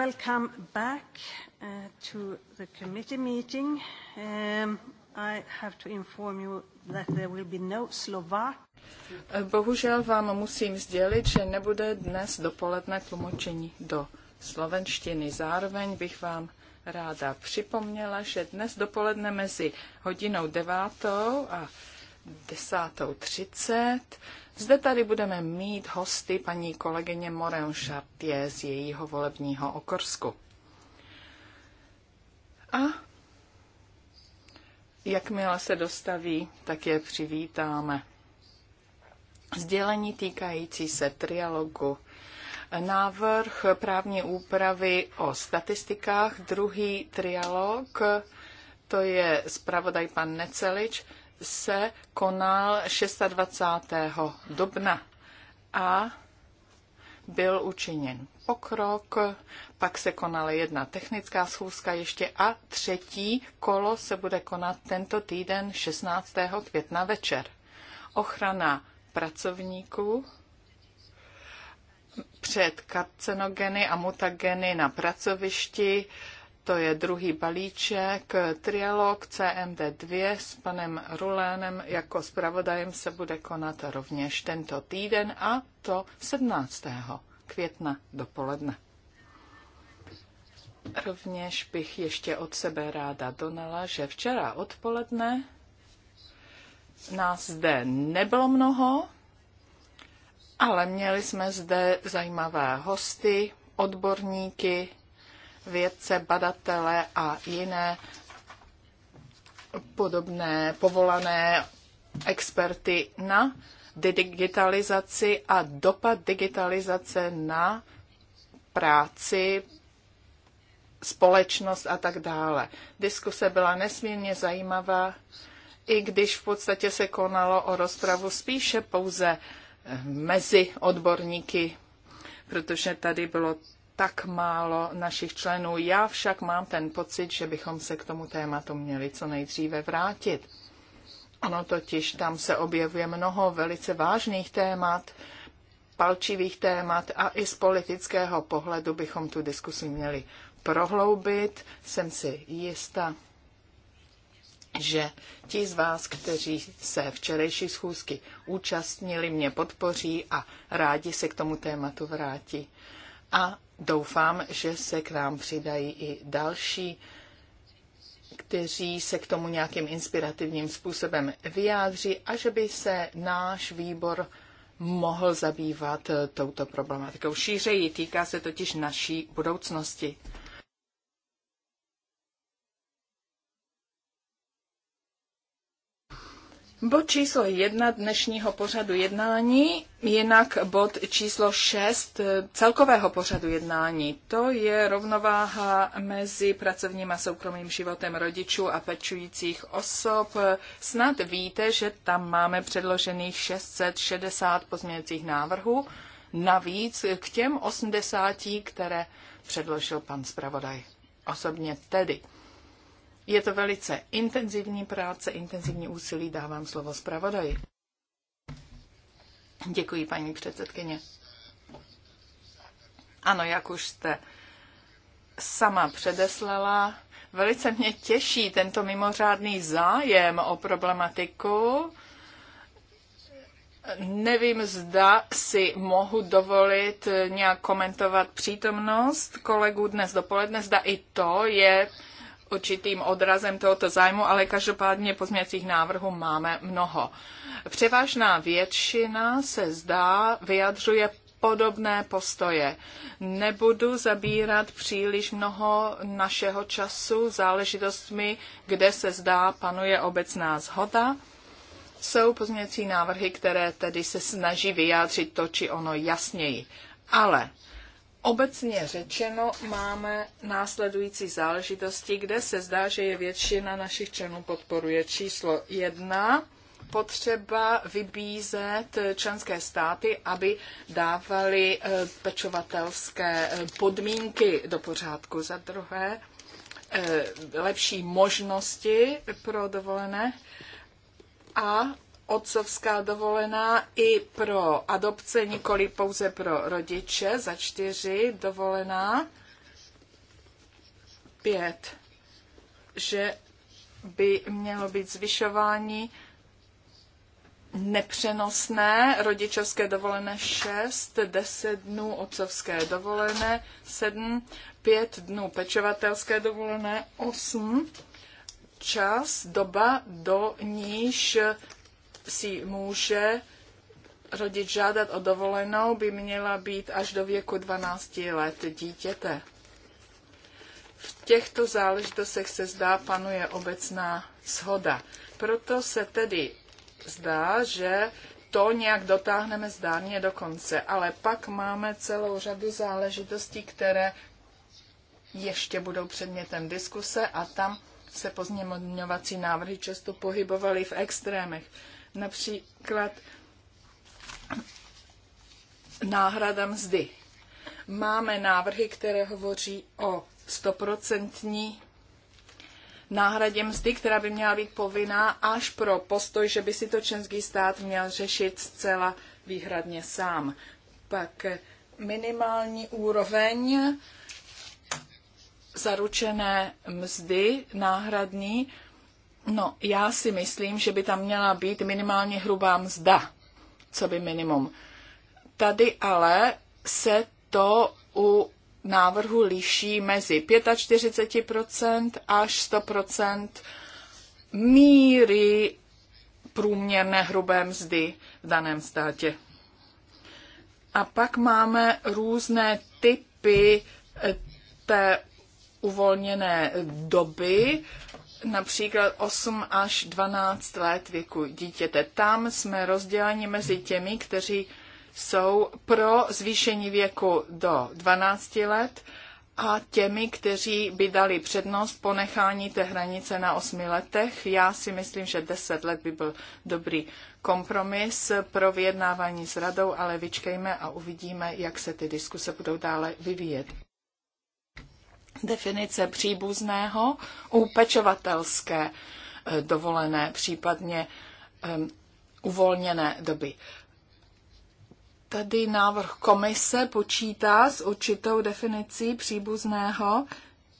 Welcome back uh, to the committee meeting. Um, I have to inform you that there will be no Slovak. Bohužel vám musím sdělit, že nebude dnes dopoledne tlumočení do slovenštiny. Zároveň bych vám ráda připomněla, že dnes dopoledne mezi hodinou devátou a 10.30. Zde tady budeme mít hosty paní kolegyně Moren Šartě z jejího volebního okorsku. A jakmile se dostaví, tak je přivítáme. Sdělení týkající se trialogu. Návrh právní úpravy o statistikách, druhý trialog, to je zpravodaj pan Necelič se konal 26. dubna a byl učiněn pokrok, pak se konala jedna technická schůzka ještě a třetí kolo se bude konat tento týden 16. května večer. Ochrana pracovníků před karcenogeny a mutageny na pracovišti to je druhý balíček, trialog CMD2 s panem Rulénem jako zpravodajem se bude konat rovněž tento týden a to 17. května dopoledne. Rovněž bych ještě od sebe ráda donala, že včera odpoledne nás zde nebylo mnoho, ale měli jsme zde zajímavé hosty, odborníky, vědce, badatele a jiné podobné povolané experty na digitalizaci a dopad digitalizace na práci, společnost a tak dále. Diskuse byla nesmírně zajímavá, i když v podstatě se konalo o rozpravu spíše pouze mezi odborníky, protože tady bylo tak málo našich členů. Já však mám ten pocit, že bychom se k tomu tématu měli co nejdříve vrátit. Ono totiž tam se objevuje mnoho velice vážných témat, palčivých témat a i z politického pohledu bychom tu diskusi měli prohloubit. Jsem si jista, že ti z vás, kteří se včerejší schůzky účastnili, mě podpoří a rádi se k tomu tématu vrátí. A doufám, že se k nám přidají i další, kteří se k tomu nějakým inspirativním způsobem vyjádří a že by se náš výbor mohl zabývat touto problematikou. Šířeji týká se totiž naší budoucnosti. Bod číslo jedna dnešního pořadu jednání, jinak bod číslo šest eh, celkového pořadu jednání. To je rovnováha mezi pracovním a soukromým životem rodičů a pečujících osob. Snad víte, že tam máme předložených 660 pozměňujících návrhů, navíc k těm 80, které předložil pan zpravodaj osobně tedy. Je to velice intenzivní práce, intenzivní úsilí. Dávám slovo zpravodaji. Děkuji, paní předsedkyně. Ano, jak už jste sama předeslala, velice mě těší tento mimořádný zájem o problematiku. Nevím, zda si mohu dovolit nějak komentovat přítomnost kolegů dnes dopoledne, zda i to je určitým odrazem tohoto zájmu, ale každopádně pozměňovacích návrhů máme mnoho. Převážná většina se zdá vyjadřuje podobné postoje. Nebudu zabírat příliš mnoho našeho času záležitostmi, kde se zdá panuje obecná zhoda. Jsou pozměňovací návrhy, které tedy se snaží vyjádřit to či ono jasněji. Ale Obecně řečeno máme následující záležitosti, kde se zdá, že je většina našich členů podporuje číslo jedna potřeba vybízet členské státy, aby dávali eh, pečovatelské eh, podmínky do pořádku. Za druhé, eh, lepší možnosti pro dovolené a otcovská dovolená i pro adopce, nikoli pouze pro rodiče, za čtyři dovolená, pět, že by mělo být zvyšování nepřenosné, rodičovské dovolené 6, 10 dnů otcovské dovolené, 7, 5 dnů pečovatelské dovolené, 8, čas, doba, do níž si může rodič žádat o dovolenou, by měla být až do věku 12 let dítěte. V těchto záležitostech se zdá panuje obecná shoda. Proto se tedy zdá, že to nějak dotáhneme zdárně do konce, ale pak máme celou řadu záležitostí, které ještě budou předmětem diskuse a tam se pozměňovací návrhy často pohybovaly v extrémech například náhrada mzdy. Máme návrhy, které hovoří o stoprocentní náhradě mzdy, která by měla být povinná až pro postoj, že by si to členský stát měl řešit zcela výhradně sám. Pak minimální úroveň zaručené mzdy náhradní No, já si myslím, že by tam měla být minimálně hrubá mzda, co by minimum. Tady ale se to u návrhu liší mezi 45% až 100% míry průměrné hrubé mzdy v daném státě. A pak máme různé typy eh, té uvolněné doby, například 8 až 12 let věku dítěte. Tam jsme rozděleni mezi těmi, kteří jsou pro zvýšení věku do 12 let a těmi, kteří by dali přednost ponechání té hranice na 8 letech. Já si myslím, že 10 let by byl dobrý kompromis pro vyjednávání s radou, ale vyčkejme a uvidíme, jak se ty diskuse budou dále vyvíjet definice příbuzného u pečovatelské eh, dovolené, případně um, uvolněné doby. Tady návrh komise počítá s určitou definicí příbuzného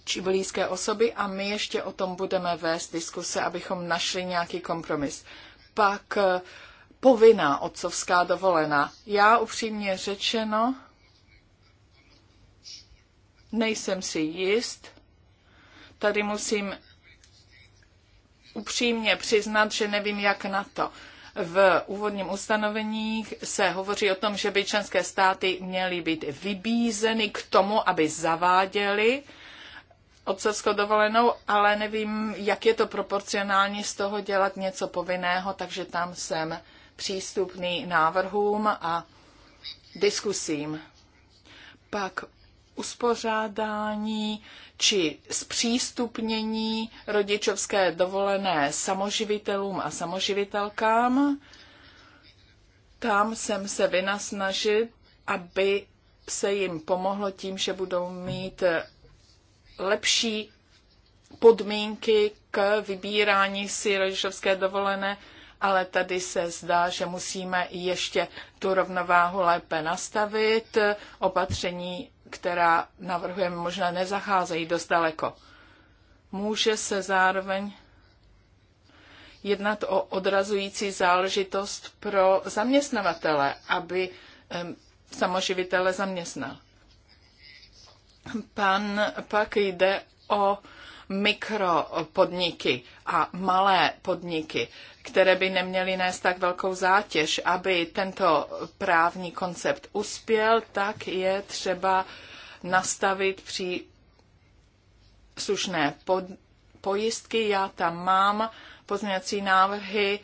či blízké osoby a my ještě o tom budeme vést diskuse, abychom našli nějaký kompromis. Pak eh, povinná otcovská dovolená. Já upřímně řečeno, Nejsem si jist. Tady musím upřímně přiznat, že nevím, jak na to. V úvodním ustanovení se hovoří o tom, že by členské státy měly být vybízeny k tomu, aby zaváděly otcovskou dovolenou, ale nevím, jak je to proporcionální z toho dělat něco povinného, takže tam jsem přístupný návrhům a diskusím. Pak uspořádání či zpřístupnění rodičovské dovolené samoživitelům a samoživitelkám. Tam jsem se vynasnažit, aby se jim pomohlo tím, že budou mít lepší podmínky k vybírání si rodičovské dovolené, ale tady se zdá, že musíme ještě tu rovnováhu lépe nastavit. Opatření která navrhujeme, možná nezacházejí dost daleko. Může se zároveň jednat o odrazující záležitost pro zaměstnavatele, aby samoživitele zaměstnal. Pan pak jde o mikropodniky a malé podniky které by neměly nést tak velkou zátěž. Aby tento právní koncept uspěl, tak je třeba nastavit při slušné pod, pojistky. Já tam mám pozměňovací návrhy,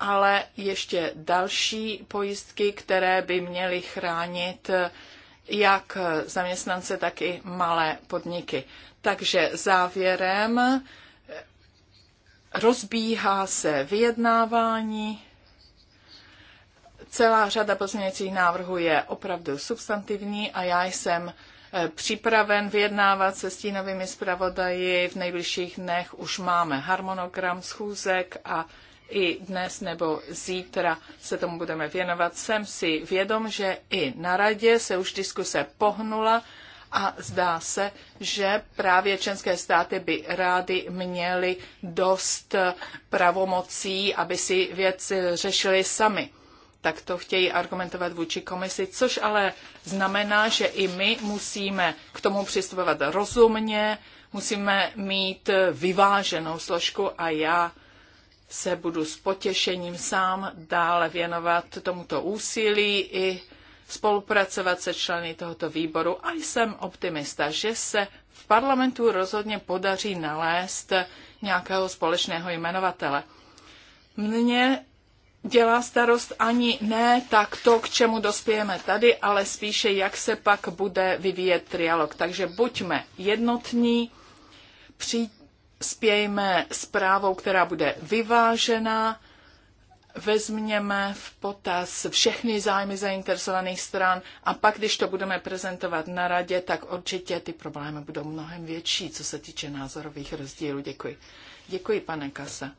ale ještě další pojistky, které by měly chránit jak zaměstnance, tak i malé podniky. Takže závěrem rozbíhá se vyjednávání, celá řada pozměňujících návrhů je opravdu substantivní a já jsem eh, připraven vyjednávat se stínovými zpravodaji. V nejbližších dnech už máme harmonogram schůzek a i dnes nebo zítra se tomu budeme věnovat. Jsem si vědom, že i na radě se už diskuse pohnula a zdá se, že právě členské státy by rády měly dost pravomocí, aby si věci řešili sami. Tak to chtějí argumentovat vůči komisi, což ale znamená, že i my musíme k tomu přistupovat rozumně, musíme mít vyváženou složku a já se budu s potěšením sám dále věnovat tomuto úsilí i spolupracovat se členy tohoto výboru a jsem optimista, že se v parlamentu rozhodně podaří nalézt nějakého společného jmenovatele. Mně dělá starost ani ne tak to, k čemu dospějeme tady, ale spíše, jak se pak bude vyvíjet trialog. Takže buďme jednotní, přispějme zprávou, která bude vyvážená, vezměme v potaz všechny zájmy zainteresovaných stran a pak, když to budeme prezentovat na radě, tak určitě ty problémy budou mnohem větší, co se týče názorových rozdílů. Děkuji. Děkuji, pane Kase.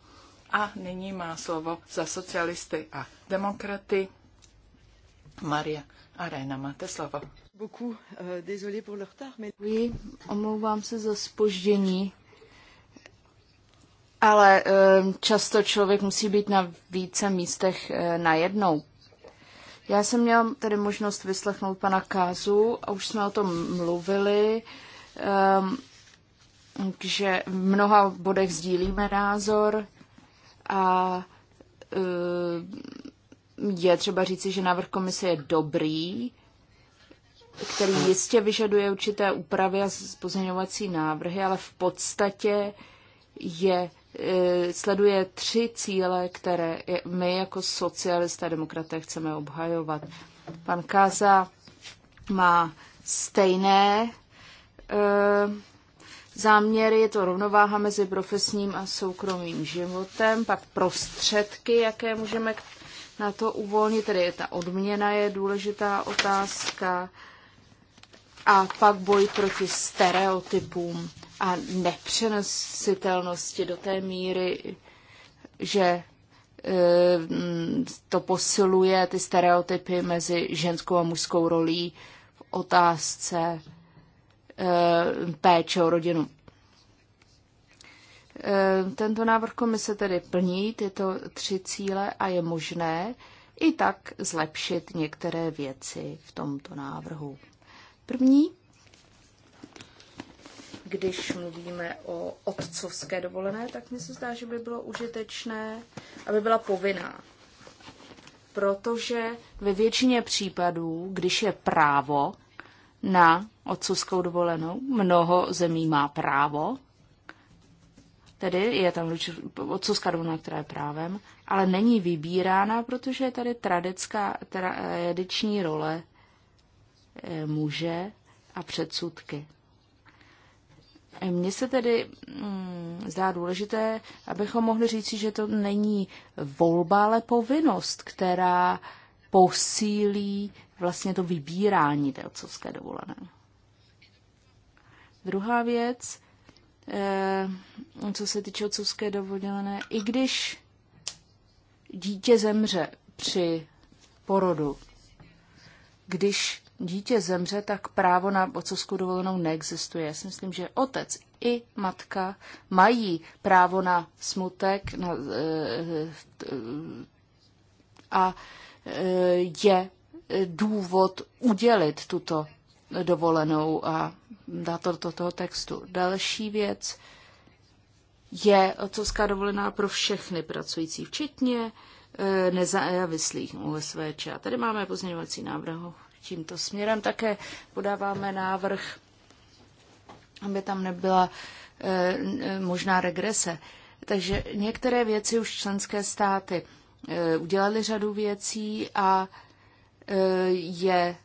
A nyní má slovo za socialisty a demokraty Maria Arena. Máte slovo. Euh, Děkuji, omlouvám se za spoždění ale eh, často člověk musí být na více místech eh, najednou. Já jsem měl tedy možnost vyslechnout pana Kázu a už jsme o tom mluvili, ehm, že v mnoha bodech sdílíme názor a eh, je třeba říci, že návrh komise je dobrý, který jistě vyžaduje určité úpravy a pozměňovací návrhy, ale v podstatě je Eh, sleduje tři cíle, které my jako socialisté a demokraté chceme obhajovat. Pan Kaza má stejné eh, záměry, je to rovnováha mezi profesním a soukromým životem, pak prostředky, jaké můžeme na to uvolnit, tedy ta odměna je důležitá otázka, a pak boj proti stereotypům a nepřenositelnosti do té míry, že e, to posiluje ty stereotypy mezi ženskou a mužskou rolí v otázce e, péče o rodinu. E, tento návrh komise tedy plní tyto tři cíle a je možné i tak zlepšit některé věci v tomto návrhu. První když mluvíme o otcovské dovolené, tak mi se zdá, že by bylo užitečné, aby byla povinná. Protože ve většině případů, když je právo na otcovskou dovolenou, mnoho zemí má právo, tedy je tam otcovská dovolená, která je právem, ale není vybírána, protože je tady tradická, tradiční role eh, muže a předsudky. Mně se tedy mm, zdá důležité, abychom mohli říci, že to není volba, ale povinnost, která posílí vlastně to vybírání té otcovské dovolené. Druhá věc, eh, co se týče otcovské dovolené, i když dítě zemře při porodu, když dítě zemře, tak právo na otcovskou dovolenou neexistuje. Já si myslím, že otec i matka mají právo na smutek na, eh, eh, a eh, je důvod udělit tuto dovolenou a dát to do toho textu. Další věc je otcovská dovolená pro všechny pracující, včetně nezávislých USVČ. A tady máme pozměňovací návrh tímto směrem. Také podáváme návrh, aby tam nebyla eh, možná regrese. Takže některé věci už členské státy eh, udělali řadu věcí a eh, je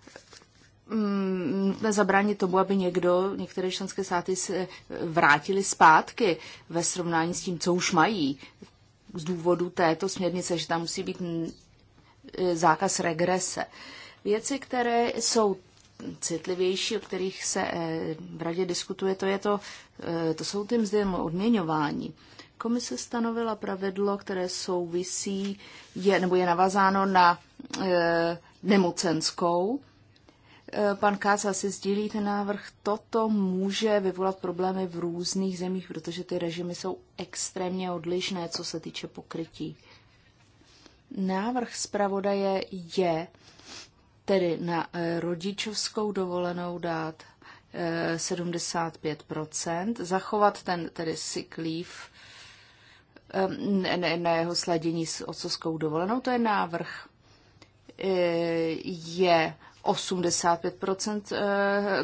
mm, nutné zabránit tomu, aby někdo, některé členské státy se vrátili zpátky ve srovnání s tím, co už mají z důvodu této směrnice, že tam musí být zákaz regrese. Věci, které jsou citlivější, o kterých se eh, v radě diskutuje, to, je to, eh, to jsou tím zde odměňování. Komise stanovila pravidlo, které souvisí, je, nebo je navazáno na e, nemocenskou. E, pan Káca si sdílí ten návrh. Toto může vyvolat problémy v různých zemích, protože ty režimy jsou extrémně odlišné, co se týče pokrytí. Návrh zpravodaje je tedy na eh, rodičovskou dovolenou dát 75%, eh, zachovat ten tedy sick leave eh, na jeho sladění s otcovskou dovolenou, to je návrh, je 85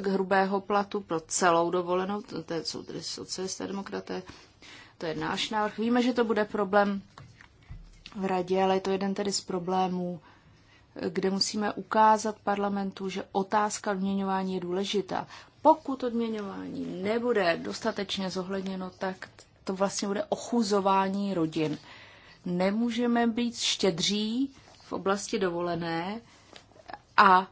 k hrubého platu pro celou dovolenou, to, to jsou tedy socialisté demokraté, to je náš návrh. Víme, že to bude problém v radě, ale je to jeden tedy z problémů, kde musíme ukázat parlamentu, že otázka odměňování je důležitá. Pokud odměňování nebude dostatečně zohledněno, tak to vlastně bude ochuzování rodin. Nemůžeme být štědří v oblasti dovolené a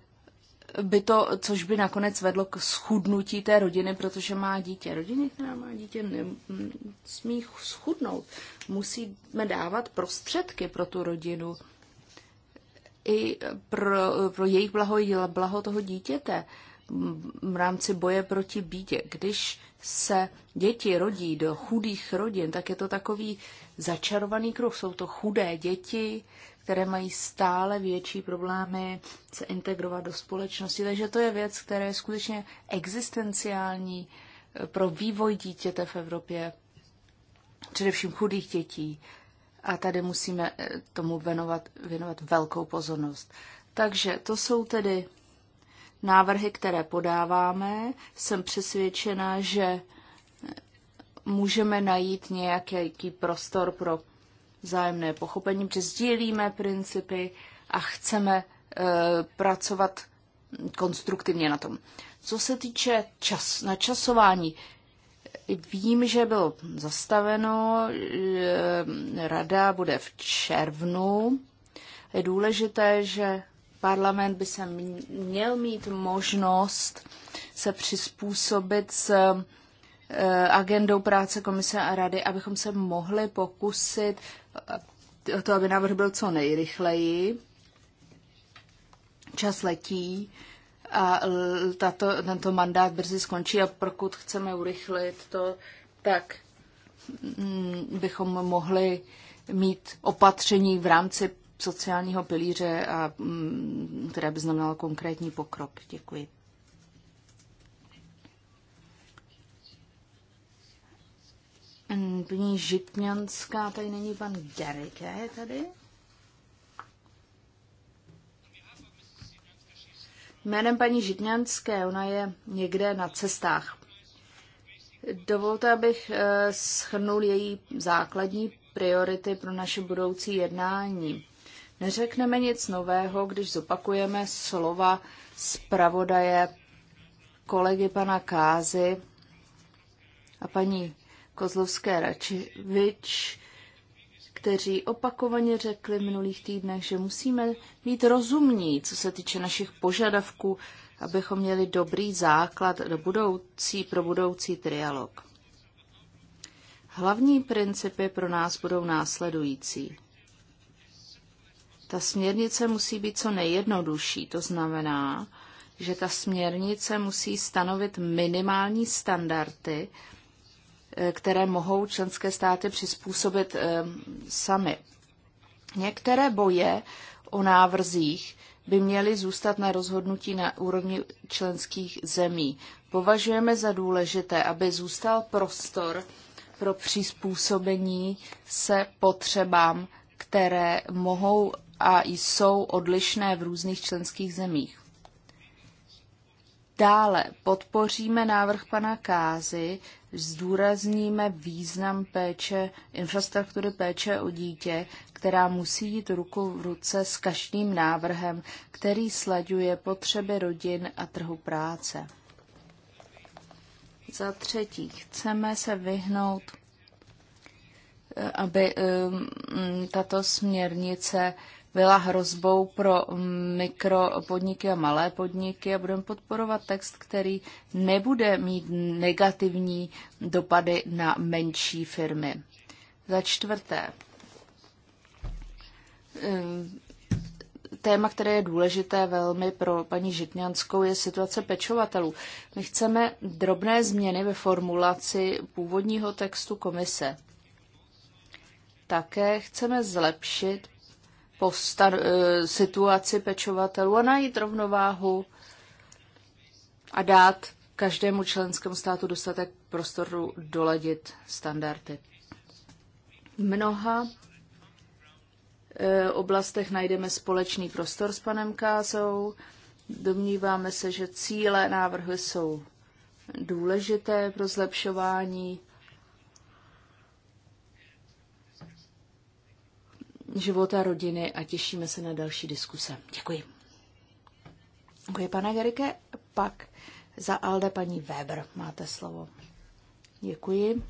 by to, což by nakonec vedlo k schudnutí té rodiny, protože má dítě. Rodiny, která má dítě, nesmí schudnout. Musíme dávat prostředky pro tu rodinu, i pro, pro jejich blaho i blaho toho dítěte v rámci boje proti bídě. Když se děti rodí do chudých rodin, tak je to takový začarovaný kruh. Jsou to chudé děti, které mají stále větší problémy se integrovat do společnosti. Takže to je věc, která je skutečně existenciální eh, pro vývoj dítěte v Evropě, především chudých dětí. A tady musíme eh, tomu věnovat, věnovat velkou pozornost. Takže to jsou tedy návrhy, které podáváme. Jsem přesvědčena, že eh, můžeme najít nějaký prostor pro vzájemné pochopení, protože sdílíme principy a chceme e, pracovat konstruktivně na tom. Co se týče čas, načasování, Vím, že bylo zastaveno, rada bude v červnu. Je důležité, že parlament by se měl mít možnost se přizpůsobit s eh, agendou práce komise a rady, abychom se mohli pokusit eh, o to, aby návrh byl co nejrychleji. Čas letí a tato, tento mandát brzy skončí a pokud chceme urychlit to, tak mm, bychom mohli mít opatření v rámci sociálního pilíře, a, mm, které by znamenalo konkrétní pokrok. Děkuji. Mm, Pní Žitňanská, tady není pan Gerike tady. Jménem paní Žitňanské, ona je někde na cestách. Dovolte, abych eh, schrnul její základní priority pro naše budoucí jednání. Neřekneme nic nového, když zopakujeme slova zpravodaje kolegy pana Kázy a paní Kozlovské Račivič kteří opakovaně řekli v minulých týdnech, že musíme být rozumní, co se týče našich požadavků, abychom měli dobrý základ do budoucí, pro budoucí trialog. Hlavní principy pro nás budou následující. Ta směrnice musí být co nejjednodušší, to znamená, že ta směrnice musí stanovit minimální standardy, které mohou členské státy přizpůsobit eh, sami. Některé boje o návrzích by měly zůstat na rozhodnutí na úrovni členských zemí. Považujeme za důležité, aby zůstal prostor pro přizpůsobení se potřebám, které mohou a jsou odlišné v různých členských zemích. Dále podpoříme návrh pana Kázy, zdůrazníme význam péče, infrastruktury péče o dítě, která musí jít ruku v ruce s každým návrhem, který sleduje potřeby rodin a trhu práce. Za třetí, chceme se vyhnout, eh, aby eh, tato směrnice byla hrozbou pro mikropodniky a malé podniky a budeme podporovat text, který nebude mít negativní dopady na menší firmy. Za čtvrté, eh, téma, které je důležité velmi pro paní Žitňanskou, je situace pečovatelů. My chceme drobné změny ve formulaci původního textu komise. Také chceme zlepšit uh, situaci pečovatelů a najít rovnováhu a dát každému členskému státu dostatek prostoru doladit standardy. V mnoha eh, oblastech najdeme společný prostor s panem Kázou. Domníváme se, že cíle návrhy jsou důležité pro zlepšování života rodiny a těšíme se na další diskuse. Děkuji. Děkuji, pane Gerike. Pak za Alde paní Weber máte slovo. Děkuji.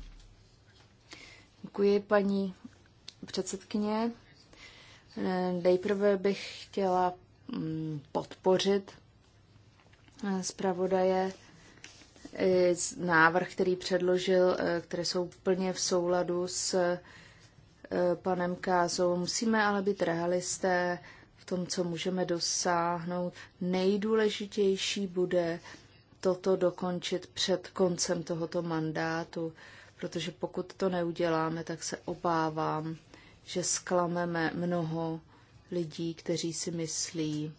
Děkuji, paní předsedkyně. Nejprve bych chtěla mm, podpořit eh, zpravodaje eh, návrh, který předložil, eh, které jsou plně v souladu s Eh, panem Kázou. Musíme ale být realisté v tom, co můžeme dosáhnout. Nejdůležitější bude toto dokončit před koncem tohoto mandátu, protože pokud to neuděláme, tak se obávám, že zklameme mnoho lidí, kteří si myslí,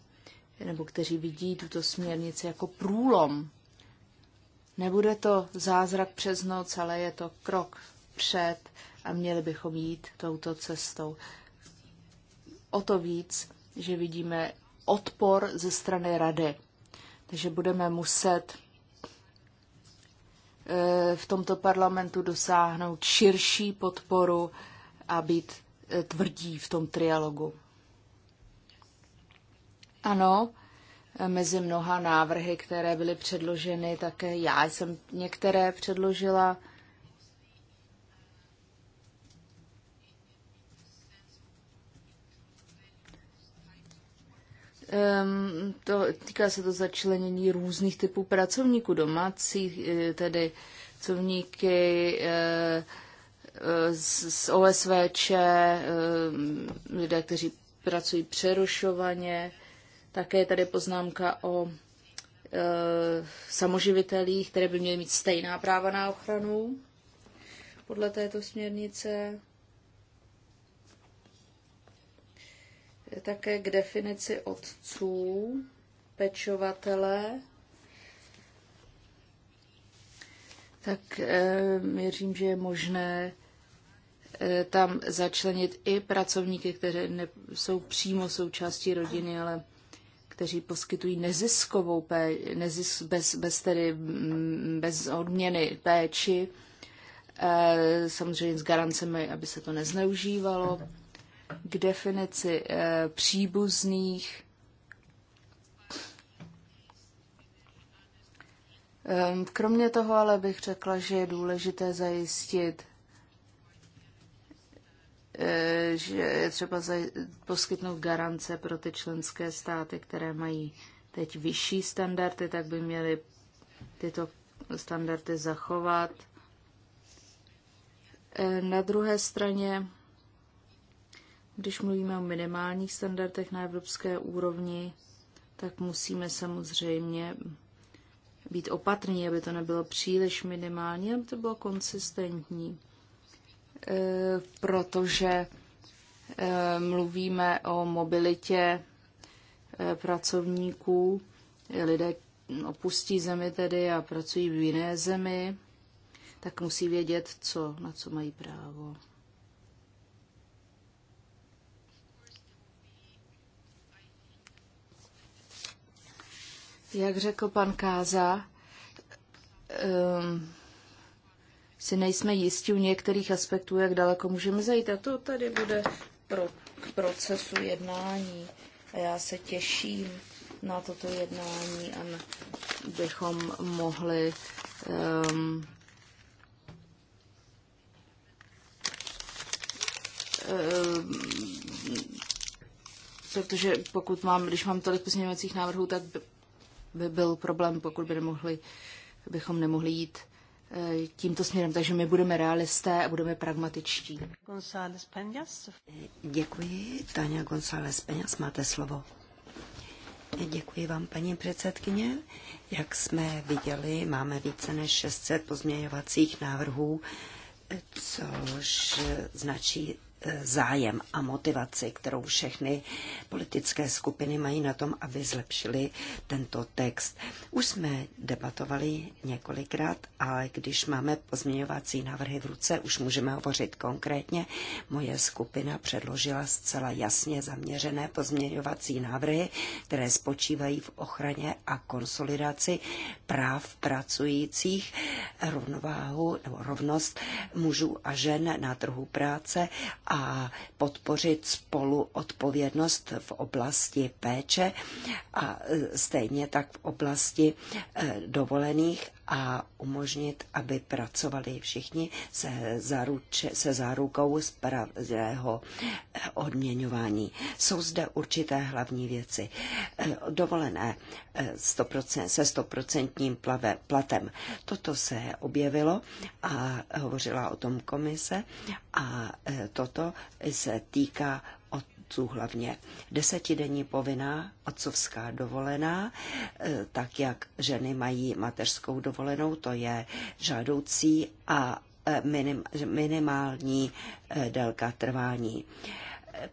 nebo kteří vidí tuto směrnici jako průlom. Nebude to zázrak přes noc, ale je to krok před a měli bychom jít touto cestou. O to víc, že vidíme odpor ze strany rady. Takže budeme muset e, v tomto parlamentu dosáhnout širší podporu a být e, tvrdí v tom trialogu. Ano, e, mezi mnoha návrhy, které byly předloženy, také já jsem některé předložila. Um, to, týká se to začlenění různých typů pracovníků, domácích, eh, tedy pracovníky eh, eh, z, z OSVČ, ehm, lidé, kteří pracují přerušovaně. Také je tady poznámka o samoživitelích, které by měly mít stejná práva na ochranu podle této směrnice. je také k definici otců, pečovatele. Tak eh, věřím, že je možné eh, tam začlenit i pracovníky, kteří jsou přímo součástí rodiny, ale kteří poskytují neziskovou péči, nezis, bez, bez, tedy, mm, bez odměny péči, eh, samozřejmě s garancemi, aby se to nezneužívalo k definici eh, příbuzných, ehm, Kromě toho ale bych řekla, že je důležité zajistit, eh, že je třeba poskytnout garance pro ty členské státy, které mají teď vyšší standardy, tak by měly tyto standardy zachovat. Eh, na druhé straně když mluvíme o minimálních standardech na evropské úrovni, tak musíme samozřejmě být opatrní, aby to nebylo příliš minimální, aby to bylo konsistentní. E, protože e, mluvíme o mobilitě e, pracovníků, lidé opustí zemi tedy a pracují v jiné zemi, tak musí vědět, co, na co mají právo. Jak řekl pan Káza, um, si nejsme jistí u některých aspektů, jak daleko můžeme zajít. A to tady bude pro, k procesu jednání. A já se těším na toto jednání a na, bychom mohli um, um protože pokud mám, když mám tolik pozměňovacích návrhů, tak by byl problém, pokud by nemohli, bychom nemohli jít eh, tímto směrem. Takže my budeme realisté a budeme pragmatičtí. González Peñas. Děkuji. Tania González Peñas, máte slovo. Děkuji vám, paní předsedkyně. Jak jsme viděli, máme více než 600 pozměňovacích návrhů, což značí zájem a motivaci, kterou všechny politické skupiny mají na tom, aby zlepšili tento text. Už jsme debatovali několikrát, ale když máme pozměňovací návrhy v ruce, už můžeme hovořit konkrétně. Moje skupina předložila zcela jasně zaměřené pozměňovací návrhy, které spočívají v ochraně a konsolidaci práv pracujících, rovnováhu nebo rovnost mužů a žen na trhu práce a podpořit spolu odpovědnost v oblasti péče a stejně tak v oblasti eh, dovolených a umožnit, aby pracovali všichni se, zaruče, se zárukou spravedlivého eh, odměňování. Jsou zde určité hlavní věci. Eh, dovolené 100%, eh, se stoprocentním platem. Toto se objevilo a hovořila o tom komise a toto se týká otců hlavně. Desetidenní povinná otcovská dovolená, e, tak jak ženy mají mateřskou dovolenou, to je žádoucí a e, minimální e, délka trvání.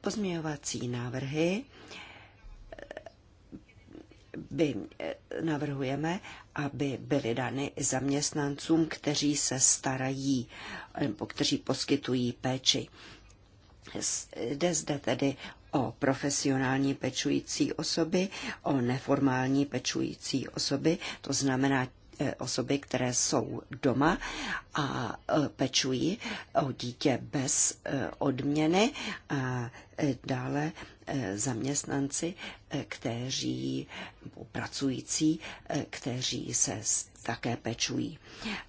Pozměňovací návrhy by navrhujeme, aby byly dany zaměstnancům, kteří se starají kteří poskytují péči. Jde zde tedy o profesionální pečující osoby, o neformální pečující osoby, to znamená e, osoby, které jsou doma a e, pečují o dítě bez e, odměny a dále Eh, zaměstnanci, eh, kteří, pracující, eh, kteří se také pečují.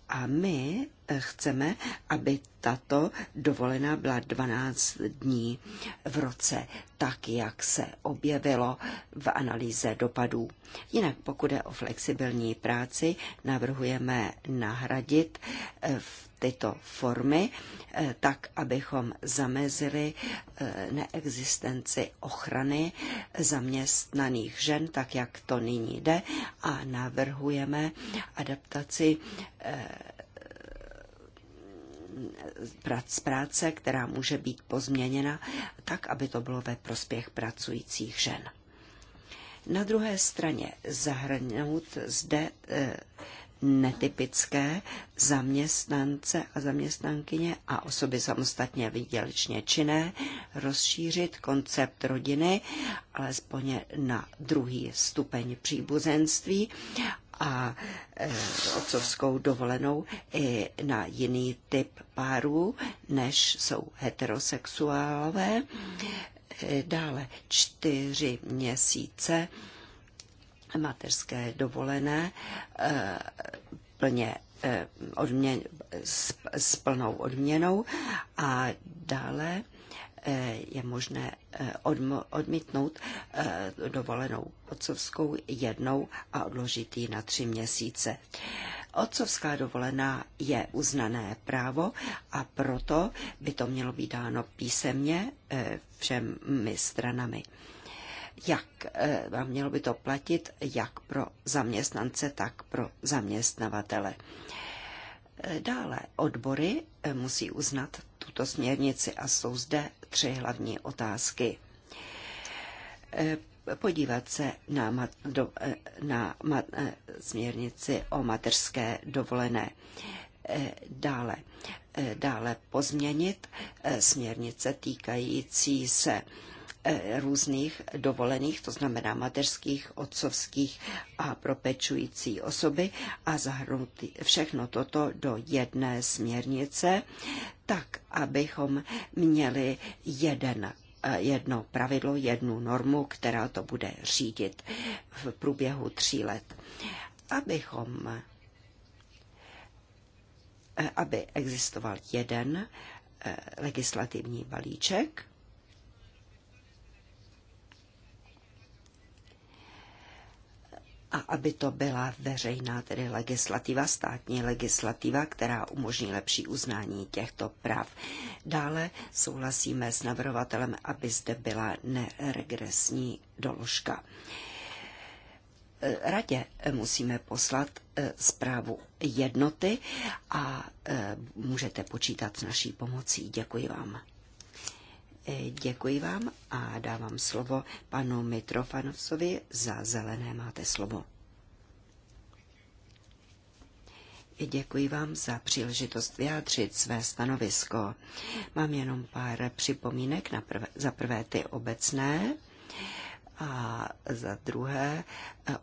A my chceme, aby tato dovolená byla 12 dní v roce, tak jak se objevilo v analýze dopadů. Jinak pokud je o flexibilní práci, navrhujeme nahradit v tyto formy, eh, tak abychom zamezili eh, neexistenci ochrany zaměstnaných žen, tak jak to nyní jde, a navrhujeme adaptaci eh, z práce, která může být pozměněna tak, aby to bylo ve prospěch pracujících žen. Na druhé straně zahrnout zde netypické zaměstnance a zaměstnankyně a osoby samostatně výdělečně činné rozšířit koncept rodiny alespoň na druhý stupeň příbuzenství a e, otcovskou dovolenou i na jiný typ párů, než jsou heterosexuálové. E, dále čtyři měsíce mateřské dovolené eh, plně eh, odměn, s, s plnou odměnou a dále eh, je možné odmítnout dovolenou otcovskou jednou a odložit ji na tři měsíce. Otcovská dovolená je uznané právo a proto by to mělo být dáno písemně všemi stranami jak eh, a mělo by to platit jak pro zaměstnance, tak pro zaměstnavatele. Eh, dále odbory eh, musí uznat tuto směrnici a jsou zde tři hlavní otázky. Podívat se na, mat, do, na mat, směrnici o mateřské dovolené. Dále, dále pozměnit směrnice týkající se Eh, různých dovolených, to znamená mateřských, otcovských a propečující osoby a zahrnout všechno toto do jedné směrnice, tak abychom měli jeden eh, jedno pravidlo, jednu normu, která to bude řídit v průběhu tří let. Abychom, eh, aby existoval jeden legislativní balíček, a aby to byla veřejná, tedy legislativa, státní legislativa, která umožní lepší uznání těchto práv. Dále souhlasíme s navrhovatelem, aby zde byla neregresní doložka. E, Radě musíme poslat e, zprávu jednoty a e, můžete počítat s naší pomocí. Děkuji vám. E, děkuji vám a dávám slovo panu Mitrofanovcovi za zelené máte slovo. E, děkuji vám za příležitost vyjádřit své stanovisko. Mám jenom pár připomínek, na za prvé ty obecné a za druhé e,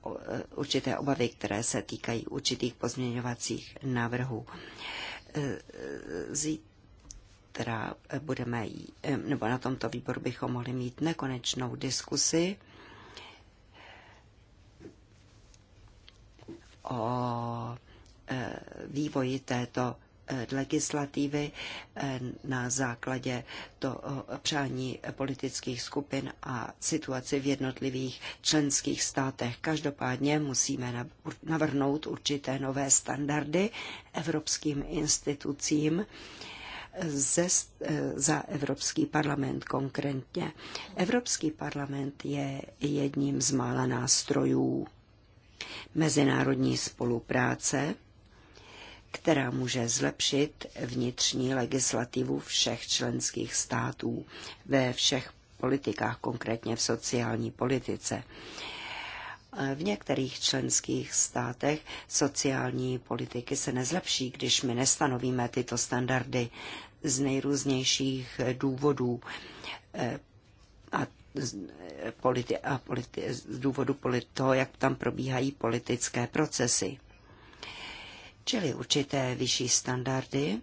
určité obavy, které se týkají určitých pozměňovacích návrhů. Zítra která eh, budeme, eh, nebo na tomto výboru bychom mohli mít nekonečnou diskusi o eh, vývoji této legislativy na základě to přání politických skupin a situaci v jednotlivých členských státech. Každopádně musíme navrhnout určité nové standardy evropským institucím, ze, eh, za Evropský parlament konkrétně. Evropský parlament je jedním z mála nástrojů mezinárodní spolupráce, která může zlepšit vnitřní legislativu všech členských států ve všech politikách, konkrétně v sociální politice. V některých členských státech sociální politiky se nezlepší, když my nestanovíme tyto standardy z nejrůznějších důvodů a politi- a politi- z důvodu politi- toho, jak tam probíhají politické procesy. Čili určité vyšší standardy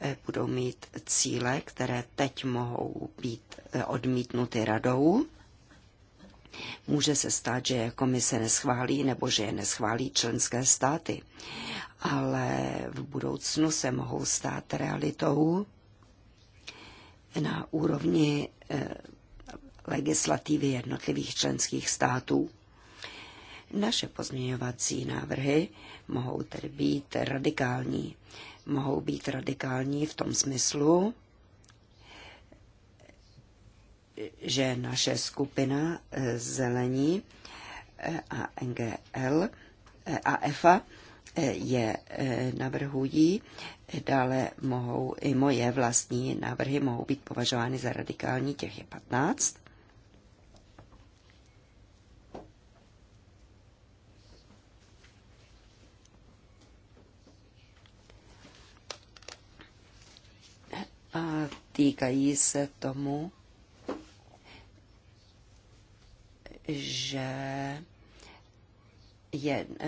eh, budou mít cíle, které teď mohou být eh, odmítnuty radou. Může se stát, že komise neschválí nebo že je neschválí členské státy ale v budoucnu se mohou stát realitou na úrovni eh, legislativy jednotlivých členských států. Naše pozměňovací návrhy mohou tedy být radikální. Mohou být radikální v tom smyslu, že naše skupina eh, Zelení eh, a NGL a EFA je eh, navrhují. Eh, dále mohou i moje vlastní návrhy mohou být považovány za radikální, těch je 15. a týkají se tomu, že Eh,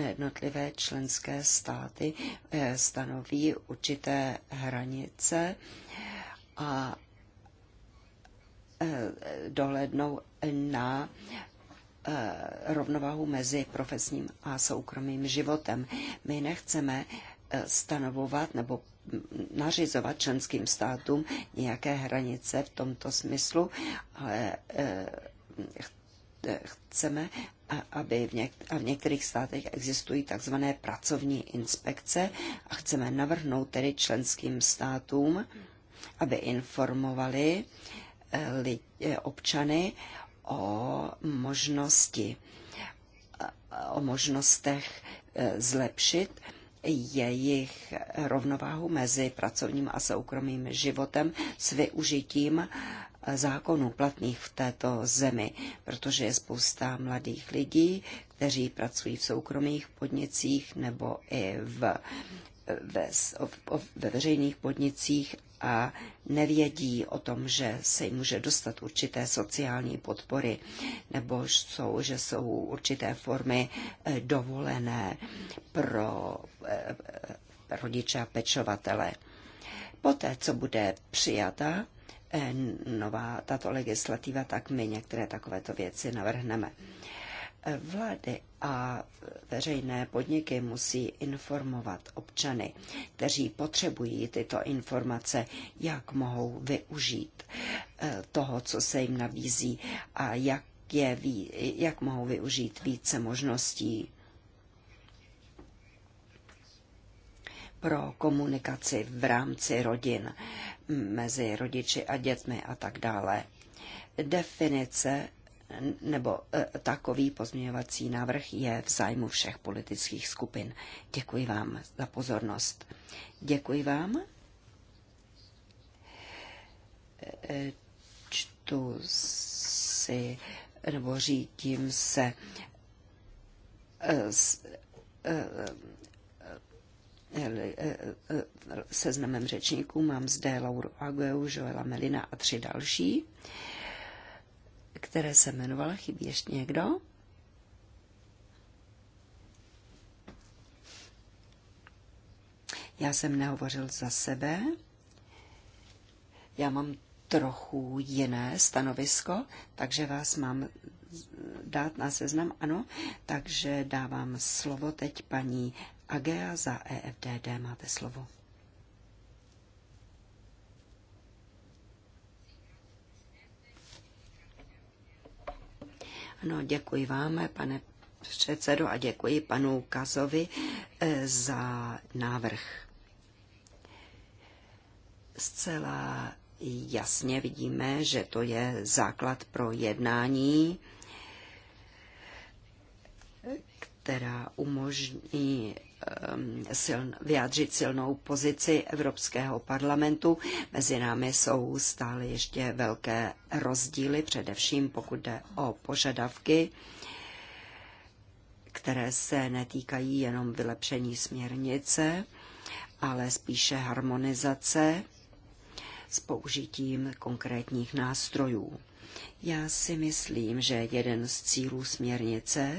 jednotlivé členské státy eh, stanoví určité hranice a eh, dohlednou na rovnováhu mezi profesním a soukromým životem. My nechceme stanovovat nebo mm, nařizovat členským státům nějaké hranice v tomto smyslu, ale chceme, aby v něk- a v některých státech existují takzvané pracovní inspekce a chceme navrhnout tedy členským státům, aby informovali eh, eh, občany o možnosti, eh, o možnostech zlepšit jejich rovnováhu mezi pracovním a soukromým životem s využitím zákonů platných v této zemi, protože je spousta mladých lidí, kteří pracují v soukromých podnicích nebo i v, ve, ve veřejných podnicích a nevědí o tom, že se jim může dostat určité sociální podpory nebo jsou, že jsou určité formy eh, dovolené pro eh, eh, rodiče a pečovatele. Poté, co bude přijata Eh, nová tato legislativa, tak my některé takovéto věci navrhneme. Eh, vlády a veřejné podniky musí informovat občany, kteří potřebují tyto informace, jak mohou využít eh, toho, co se jim nabízí a jak, je, jak mohou využít více možností pro komunikaci v rámci rodin mezi rodiči a dětmi a tak dále. Definice nebo e, takový pozměňovací návrh je v zájmu všech politických skupin. Děkuji vám za pozornost. Děkuji vám. E, čtu si nebo řídím se e, s, Eh, eh, eh, seznamem řečníků. Mám zde Lauru Agueu, Joela Melina a tři další, které se jmenovala. Chybí ještě někdo? Já jsem nehovořil za sebe. Já mám trochu jiné stanovisko, takže vás mám dát na seznam, ano. Takže dávám slovo teď paní Agea za EFDD. Máte slovo. Ano, děkuji vám, pane předsedo, a děkuji panu Kazovi eh, za návrh. Zcela jasně vidíme, že to je základ pro jednání, která umožní Ehm, siln, vyjádřit silnou pozici Evropského parlamentu. Mezi námi jsou stále ještě velké rozdíly, především pokud jde o požadavky, které se netýkají jenom vylepšení směrnice, ale spíše harmonizace s použitím konkrétních nástrojů. Já si myslím, že jeden z cílů směrnice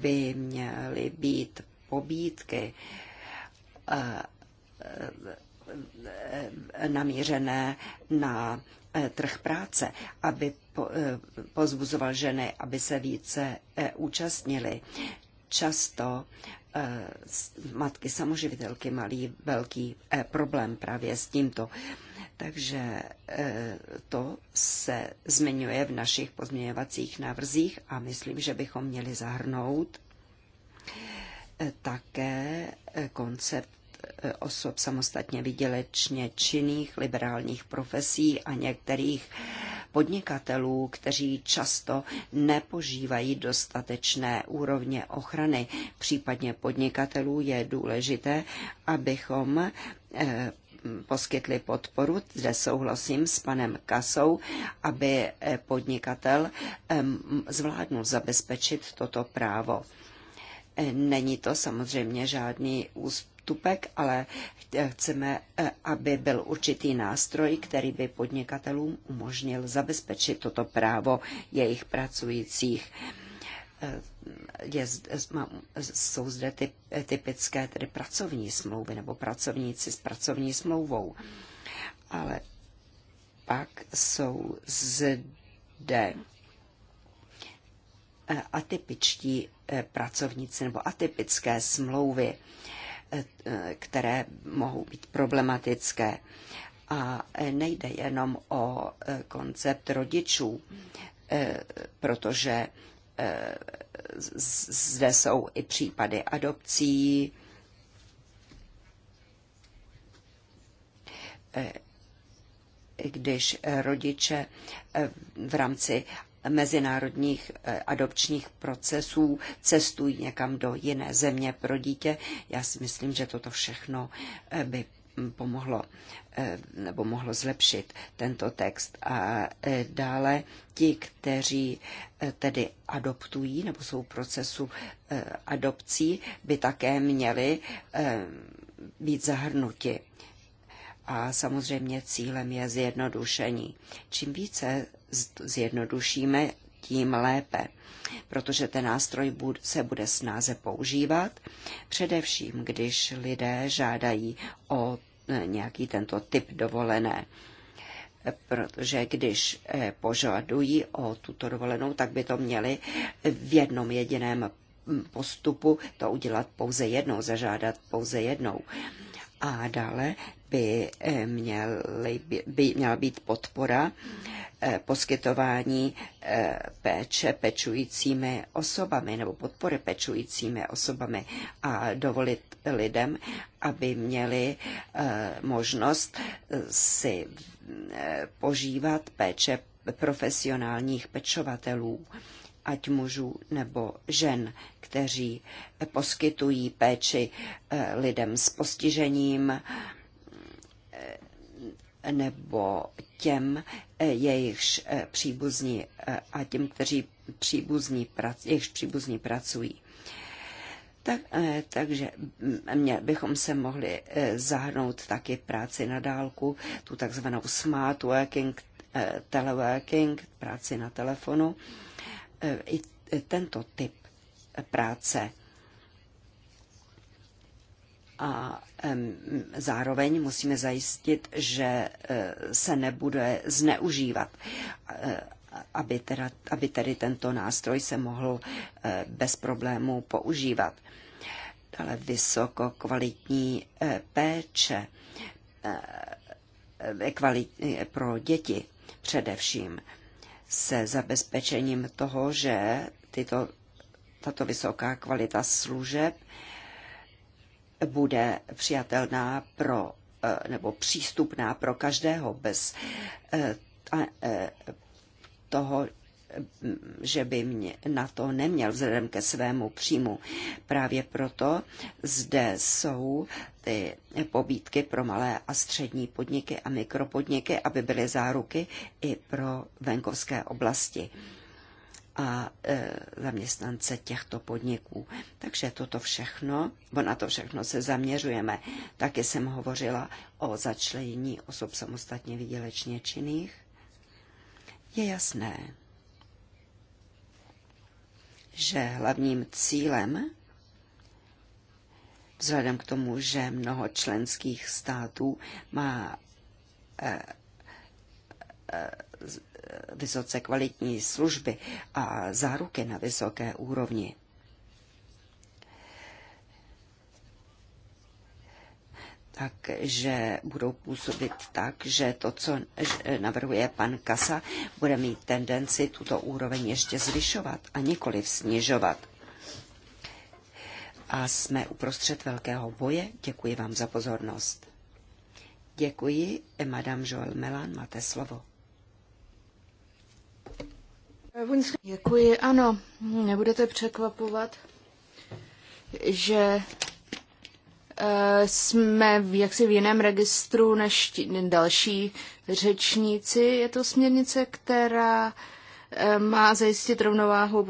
by měly být pobídky eh, eh, namířené na eh, trh práce, aby pozbuzoval ženy, aby se více účastnili. Často matky samoživitelky malý velký problém právě s tímto. Takže eh, to se zmiňuje v našich pozměňovacích návrzích a myslím, že bychom měli zahrnout eh, také eh, koncept osob samostatně vydělečně činných, liberálních profesí a některých podnikatelů, kteří často nepožívají dostatečné úrovně ochrany. Případně podnikatelů je důležité, abychom poskytli podporu, zde souhlasím s panem Kasou, aby podnikatel zvládnul zabezpečit toto právo. Není to samozřejmě žádný ústupek, ale chceme, e, aby byl určitý nástroj, který by podnikatelům umožnil zabezpečit toto právo jejich pracujících je, jsou zde typické tedy pracovní smlouvy nebo pracovníci s pracovní smlouvou. Ale pak jsou zde eh, atypičtí eh, pracovníci nebo atypické smlouvy, eh, které mohou být problematické. A nejde jenom o koncept rodičů, protože zde jsou i případy adopcí, když rodiče v rámci mezinárodních adopčních procesů cestují někam do jiné země pro dítě. Já si myslím, že toto všechno by pomohlo, eh, nebo mohlo zlepšit tento text. A eh, dále ti, kteří eh, tedy adoptují nebo jsou v procesu adopcí, by také měli být zahrnuti. A samozřejmě cílem je zjednodušení. Čím více zjednodušíme, tím lépe, protože ten nástroj se bude snáze používat, především když lidé žádají o Eh, nějaký tento typ dovolené. Protože když eh, požadují o tuto dovolenou, tak by to měli v jednom jediném hm, postupu to udělat pouze jednou, zažádat pouze jednou. A dále by, eh, měly, by měla být podpora eh, poskytování eh, péče pečujícími osobami nebo podpory pečujícími osobami a dovolit lidem, aby měli možnost si požívat péče profesionálních pečovatelů, ať mužů nebo žen, kteří poskytují péči eh, lidem s postižením eh, nebo těm eh, jejichž příbuzní a těm, kteří příbuzní, jejichž příbuzní pracují. Tak, takže mě, bychom se mohli zahrnout taky práci na dálku, tu takzvanou smart working, teleworking, práci na telefonu. I tento typ práce. A zároveň musíme zajistit, že e, se nebude zneužívat, e, aby, teda, aby tedy tento nástroj se mohl e, bez problémů používat. vysoko vysokokvalitní péče pro děti především se zabezpečením toho, že tyto tato vysoká kvalita služeb bude přijatelná pro eh, nebo přístupná pro každého bez eh, eh, toho, mm, že by mě na to neměl vzhledem ke svému příjmu. Právě proto zde jsou ty pobídky pro malé a střední podniky a mikropodniky, aby byly záruky i pro venkovské oblasti a e, zaměstnance těchto podniků. Takže toto všechno, bo na to všechno se zaměřujeme. Taky jsem hovořila o začlenění osob samostatně výdělečně činných. Je jasné, že hlavním cílem, vzhledem k tomu, že mnoho členských států má e, e vysoce kvalitní služby a záruky na vysoké úrovni. takže budou působit tak, že to, co navrhuje pan Kasa, bude mít tendenci tuto úroveň ještě zvyšovat a nikoli snižovat. A jsme uprostřed velkého boje. Děkuji vám za pozornost. Děkuji. Madame Joel Melan, máte slovo. Děkuji, ano, nebudete překvapovat, že eh, jsme v jaksi v jiném registru než další řečníci. Je to směrnice, která eh, má zajistit rovnováhu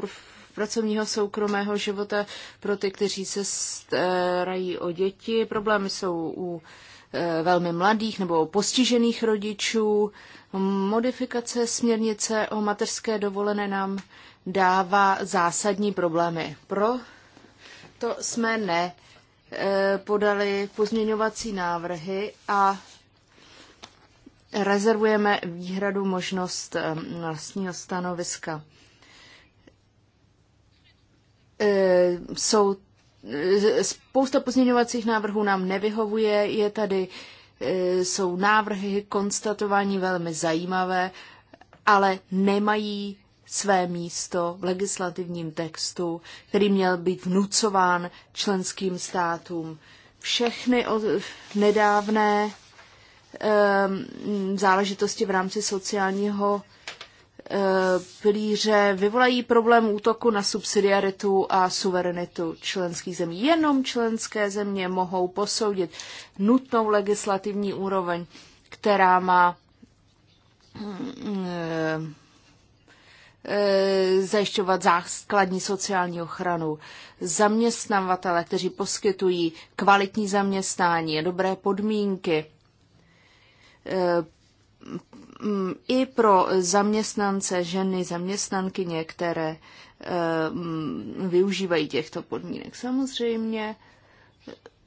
pracovního soukromého života pro ty, kteří se starají o děti. Problémy jsou u eh, velmi mladých nebo postižených rodičů, Modifikace směrnice o mateřské dovolené nám dává zásadní problémy. Pro to jsme ne e, podali pozměňovací návrhy a rezervujeme výhradu možnost e, vlastního stanoviska. E, jsou spousta pozměňovacích návrhů nám nevyhovuje, je tady Eh, jsou návrhy, konstatování velmi zajímavé, ale nemají své místo v legislativním textu, který měl být vnucován členským státům. Všechny nedávné ehm, záležitosti v rámci sociálního Eh, pilíře vyvolají problém útoku na subsidiaritu a suverenitu členských zemí. Jenom členské země mohou posoudit nutnou legislativní úroveň, která má mm, eh, zajišťovat základní sociální ochranu. Zaměstnavatele, kteří poskytují kvalitní zaměstnání, dobré podmínky, eh, Mm, i pro zaměstnance, ženy, zaměstnanky některé eh, využívají těchto podmínek. Samozřejmě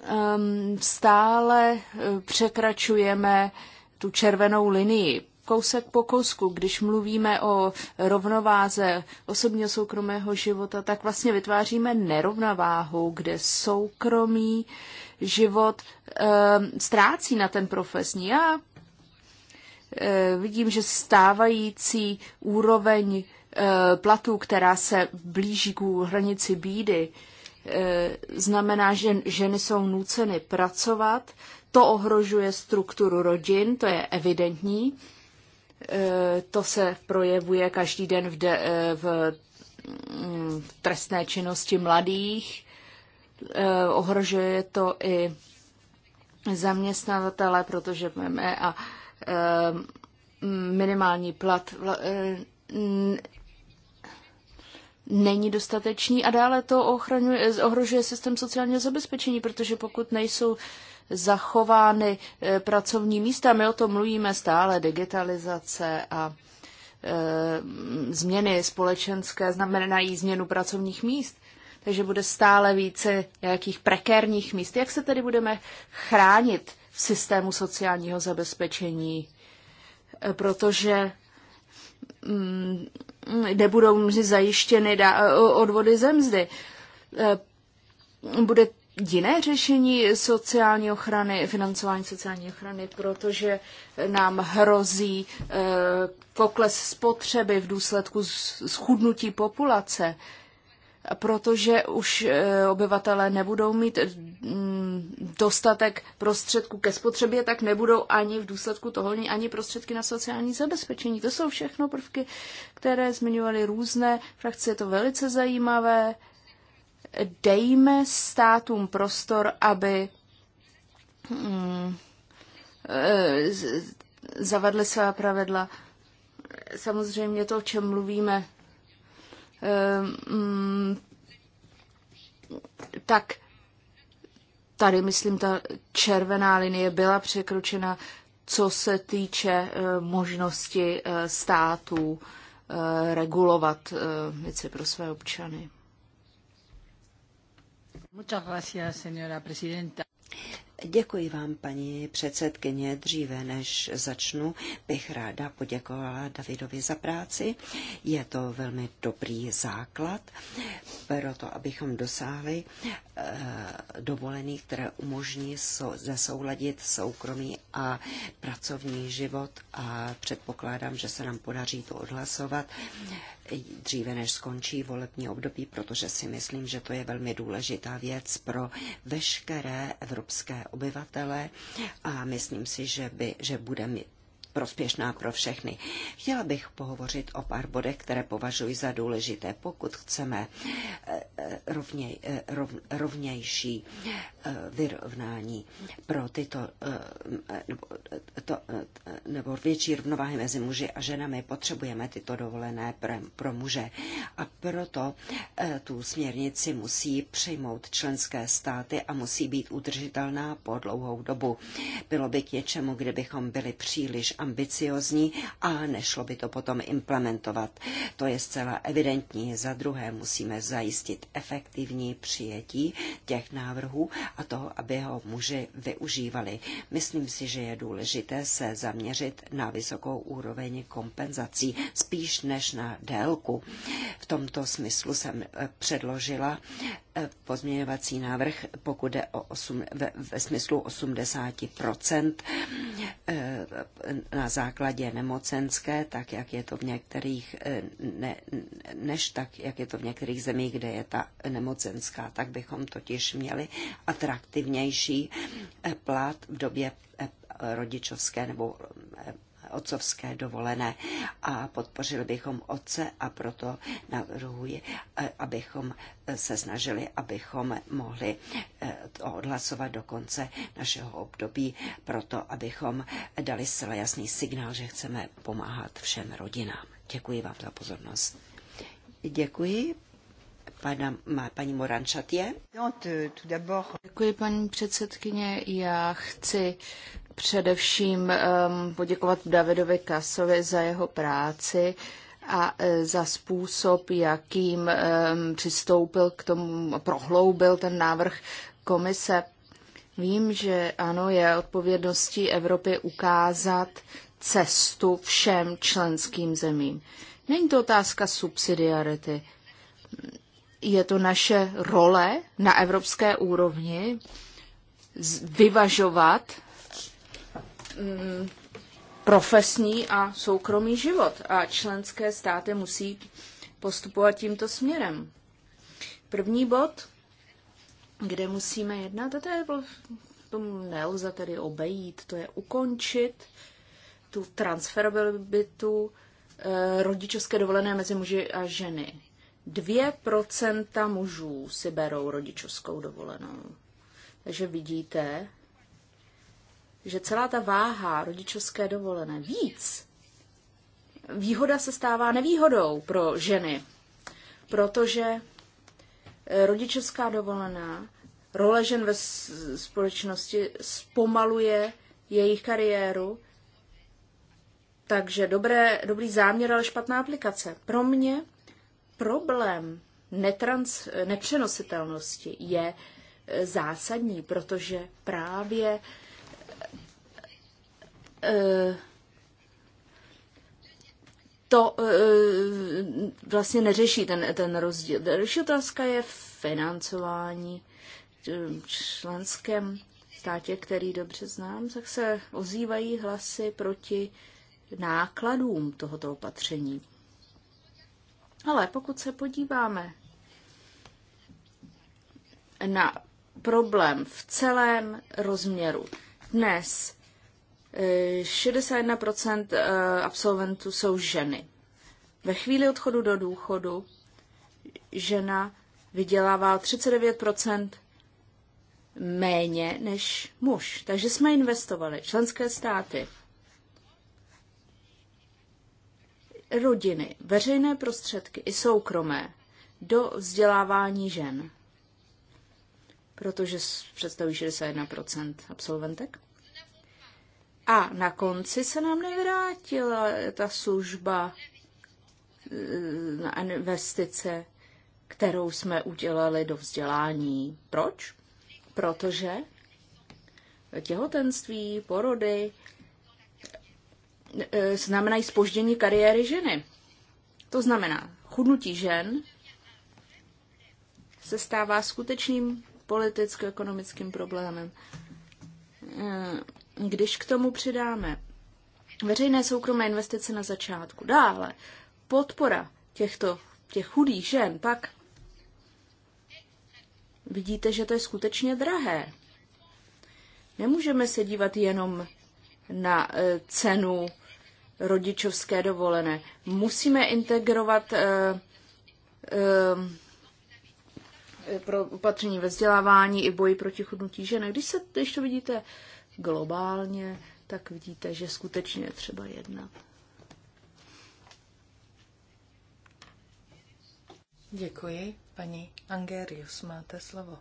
ehm, stále eh, překračujeme tu červenou linii kousek po kousku, když mluvíme o rovnováze osobního soukromého života, tak vlastně vytváříme nerovnováhu, kde soukromý život e, ztrácí na ten profesní. Já Eh, vidím, že stávající úroveň eh, platů, která se blíží k hranici bídy, eh, znamená, že ženy jsou nuceny pracovat. To ohrožuje strukturu rodin, to je evidentní. To se projevuje každý den v, de, v, mm, v trestné činnosti mladých. Ohrožuje to i zaměstnavatele, protože e a Eh, minimální plat eh, není dostatečný a dále to ochraňuje, ohrožuje systém sociálního zabezpečení, protože pokud nejsou zachovány eh, pracovní místa, my o tom mluvíme stále, digitalizace a e, změny společenské znamenají změnu pracovních míst, takže bude stále více nějakých prekérních míst. Jak se tedy budeme chránit v systému sociálního zabezpečení, protože mm, nebudou mzdy zajištěny odvody ze mzdy. Bude jiné řešení sociální ochrany, financování sociální ochrany, protože nám hrozí eh, pokles spotřeby v důsledku schudnutí populace protože už eh, obyvatelé nebudou mít mm, dostatek prostředků ke spotřebě, tak nebudou ani v důsledku toho ani prostředky na sociální zabezpečení. To jsou všechno prvky, které zmiňovaly různé frakce. Je to velice zajímavé. Dejme státům prostor, aby mm, eh, zavedli svá pravidla. Samozřejmě to, o čem mluvíme Ehm, mm, tak tady, myslím, ta červená linie byla překročena, co se týče eh, možnosti eh, států eh, regulovat věci pro své občany. Děkuji vám, paní předsedkyně. Dříve než začnu, bych ráda poděkovala Davidovi za práci. Je to velmi dobrý základ pro to, abychom dosáhli eh, dovolených, které umožní zasouladit soukromý a pracovní život a předpokládám, že se nám podaří to odhlasovat dříve, než skončí volební období, protože si myslím, že to je velmi důležitá věc pro veškeré evropské obyvatele a myslím si, že, by, že bude mít prospěšná pro všechny. Chtěla bych pohovořit o pár bodech, které považuji za důležité. Pokud chceme eh, eh, rovněj, eh, rov, rovnější vyrovnání pro tyto, nebo, to, nebo větší rovnováhy mezi muži a ženami, potřebujeme tyto dovolené pro, pro muže. A proto tu směrnici musí přijmout členské státy a musí být udržitelná po dlouhou dobu. Bylo by k něčemu, kdybychom byli příliš ambiciozní a nešlo by to potom implementovat. To je zcela evidentní. Za druhé musíme zajistit efektivní přijetí těch návrhů a toho, aby ho muži využívali. Myslím si, že je důležité se zaměřit na vysokou úroveň kompenzací spíš než na délku. V tomto smyslu jsem eh, předložila pozměňovací návrh, pokud jde o osm, ve, ve smyslu 80 eh, na základě nemocenské, tak jak je to v některých, eh, ne, než tak, jak je to v některých zemích, kde je ta nemocenská, tak bychom totiž měli atraktivnější eh, plat v době rodičovské nebo otcovské dovolené a podpořili bychom otce a proto navrhuji, e, abychom se snažili, abychom mohli e, to odhlasovat do konce našeho období, proto abychom dali zcela jasný signál, že chceme pomáhat všem rodinám. Děkuji vám za pozornost. Děkuji. Pana, má paní Morančatě. Děkuji, paní předsedkyně. Já chci především ehm, poděkovat Davidovi Kasovi za jeho práci a e, za způsob, jakým ehm, přistoupil k tomu, prohloubil ten návrh komise. Vím, že ano, je odpovědností Evropy ukázat cestu všem členským zemím. Není to otázka subsidiarity. Je to naše role na evropské úrovni vyvažovat Mm, profesní a soukromý život a členské státy musí postupovat tímto směrem. První bod, kde musíme jednat, a to je, to nelze tedy obejít, to je ukončit tu transferabilitu e, rodičovské dovolené mezi muži a ženy. 2% mužů si berou rodičovskou dovolenou. Takže vidíte, že celá ta váha rodičovské dovolené víc, výhoda se stává nevýhodou pro ženy, protože eh, rodičovská dovolená, role žen ve společnosti zpomaluje jejich kariéru, takže dobré, dobrý záměr, ale špatná aplikace. Pro mě problém netrans, nepřenositelnosti je eh, zásadní, protože právě Eh, to eh, vlastně neřeší ten, ten rozdíl. Další otázka je financování členském státě, který dobře znám, tak se ozývají hlasy proti nákladům tohoto opatření. Ale pokud se podíváme na problém v celém rozměru, dnes 61% eh, absolventů jsou ženy. Ve chvíli odchodu do důchodu žena vydělává 39% méně než muž. Takže jsme investovali, členské státy, rodiny, veřejné prostředky i soukromé do vzdělávání žen, protože představují 61% absolventek. A na konci se nám nevrátila ta služba eh, na investice, kterou jsme udělali do vzdělání. Proč? Protože těhotenství, porody eh, znamenají spoždění kariéry ženy. To znamená, chudnutí žen se stává skutečným politicko-ekonomickým problémem eh, když k tomu přidáme veřejné soukromé investice na začátku, dále podpora těchto těch chudých žen, pak vidíte, že to je skutečně drahé. Nemůžeme se dívat jenom na e, cenu rodičovské dovolené. Musíme integrovat e, e, pro opatření ve vzdělávání i boji proti chudnutí žen. Když, se, když to vidíte globálně, tak vidíte, že skutečně je třeba jednat. Děkuji. Paní Angerius, máte slovo.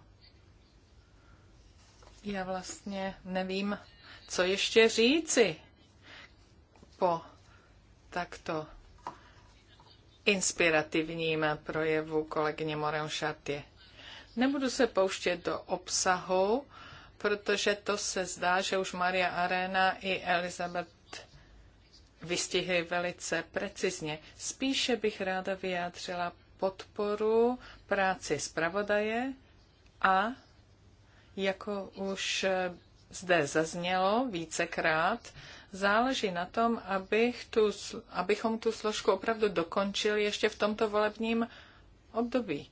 Já vlastně nevím, co ještě říci po takto inspirativním projevu kolegyně Morel Šatě. Nebudu se pouštět do obsahu protože to se zdá, že už Maria Arena i Elizabeth vystihly velice precizně. Spíše bych ráda vyjádřila podporu práci zpravodaje a jako už zde zaznělo vícekrát, záleží na tom, abych tu, abychom tu složku opravdu dokončili ještě v tomto volebním období.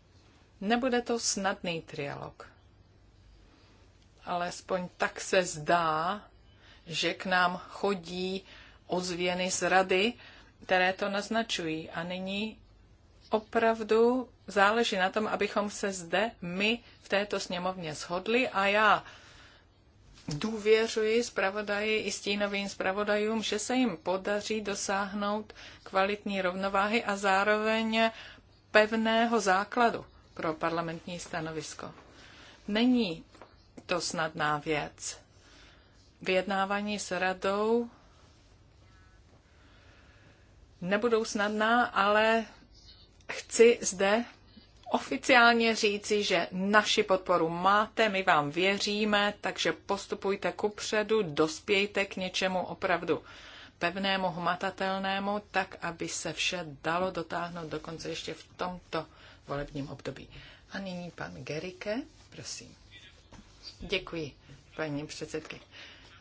Nebude to snadný trialog alespoň tak se zdá, že k nám chodí ozvěny z rady, které to naznačují. A nyní opravdu záleží na tom, abychom se zde my v této sněmovně shodli a já důvěřuji zpravodaji i stínovým zpravodajům, že se jim podaří dosáhnout kvalitní rovnováhy a zároveň pevného základu pro parlamentní stanovisko. Není to snadná věc. Vyjednávání s radou nebudou snadná, ale chci zde oficiálně říci, že naši podporu máte, my vám věříme, takže postupujte ku předu, dospějte k něčemu opravdu pevnému, hmatatelnému, tak, aby se vše dalo dotáhnout dokonce ještě v tomto volebním období. A nyní pan Gerike, prosím. Děkuji, paní předsedky.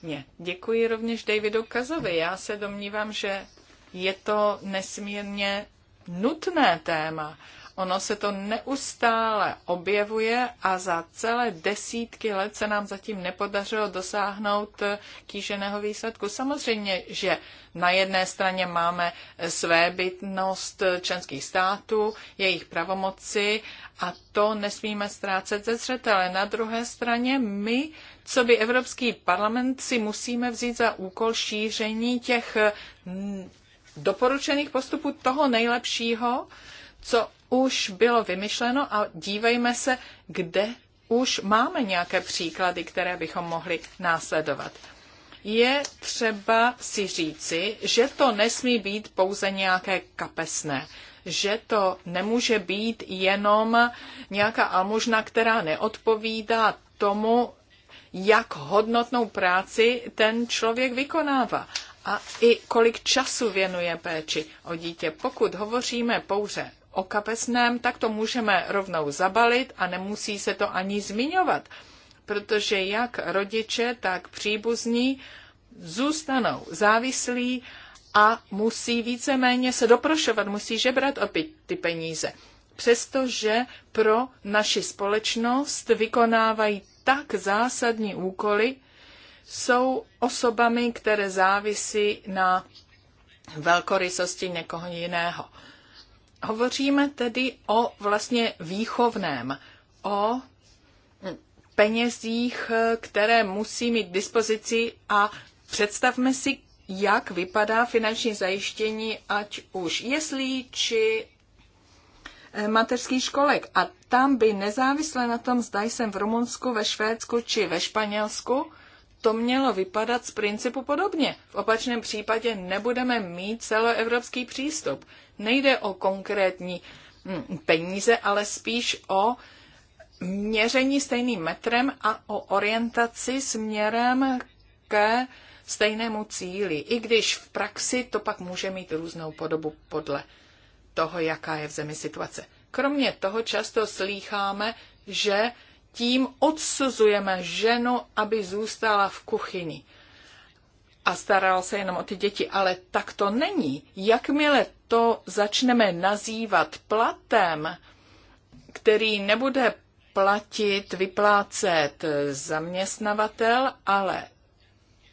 Ne, děkuji rovněž Davidu Kazovi. Já se domnívám, že je to nesmírně nutné téma Ono se to neustále objevuje a za celé desítky let se nám zatím nepodařilo dosáhnout kýženého výsledku. Samozřejmě, že na jedné straně máme své bytnost členských států, jejich pravomoci a to nesmíme ztrácet ze zřetele. Na druhé straně my, co by Evropský parlament, si musíme vzít za úkol šíření těch doporučených postupů toho nejlepšího, co už bylo vymyšleno a dívejme se, kde už máme nějaké příklady, které bychom mohli následovat. Je třeba si říci, že to nesmí být pouze nějaké kapesné, že to nemůže být jenom nějaká almužna, která neodpovídá tomu, jak hodnotnou práci ten člověk vykonává a i kolik času věnuje péči o dítě. Pokud hovoříme pouze o kapesném, tak to můžeme rovnou zabalit a nemusí se to ani zmiňovat, protože jak rodiče, tak příbuzní zůstanou závislí a musí víceméně se doprošovat, musí žebrat opět ty peníze. Přestože pro naši společnost vykonávají tak zásadní úkoly, jsou osobami, které závisí na velkorysosti někoho jiného. Hovoříme tedy o vlastně výchovném, o penězích, které musí mít k dispozici a představme si, jak vypadá finanční zajištění, ať už jeslí či eh, mateřský školek. A tam by nezávisle na tom, zda jsem v Rumunsku, ve Švédsku či ve Španělsku, to mělo vypadat z principu podobně. V opačném případě nebudeme mít celoevropský přístup. Nejde o konkrétní hm, peníze, ale spíš o měření stejným metrem a o orientaci směrem ke stejnému cíli, i když v praxi to pak může mít různou podobu podle toho, jaká je v zemi situace. Kromě toho často slýcháme, že tím odsuzujeme ženu, aby zůstala v kuchyni a staral se jenom o ty děti, ale tak to není. Jakmile to začneme nazývat platem, který nebude platit, vyplácet zaměstnavatel, ale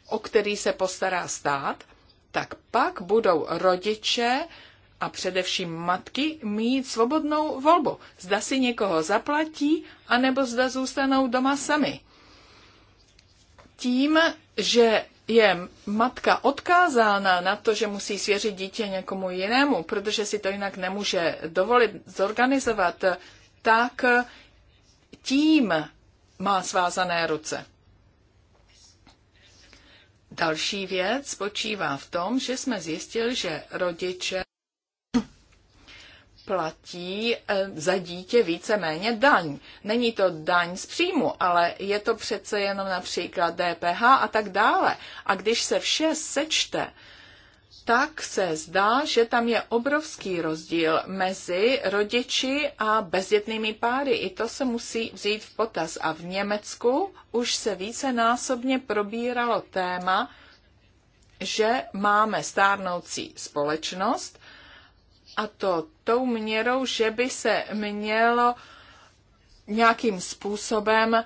o který se postará stát, tak pak budou rodiče a především matky mít svobodnou volbu. Zda si někoho zaplatí, anebo zda zůstanou doma sami. Tím, že je matka odkázána na to, že musí svěřit dítě někomu jinému, protože si to jinak nemůže dovolit zorganizovat, tak tím má svázané ruce. Další věc spočívá v tom, že jsme zjistili, že rodiče platí eh, za dítě víceméně daň. Není to daň z příjmu, ale je to přece jenom například DPH a tak dále. A když se vše sečte, tak se zdá, že tam je obrovský rozdíl mezi rodiči a bezdětnými páry. I to se musí vzít v potaz. A v Německu už se vícenásobně probíralo téma, že máme stárnoucí společnost a to tou měrou, že by se mělo nějakým způsobem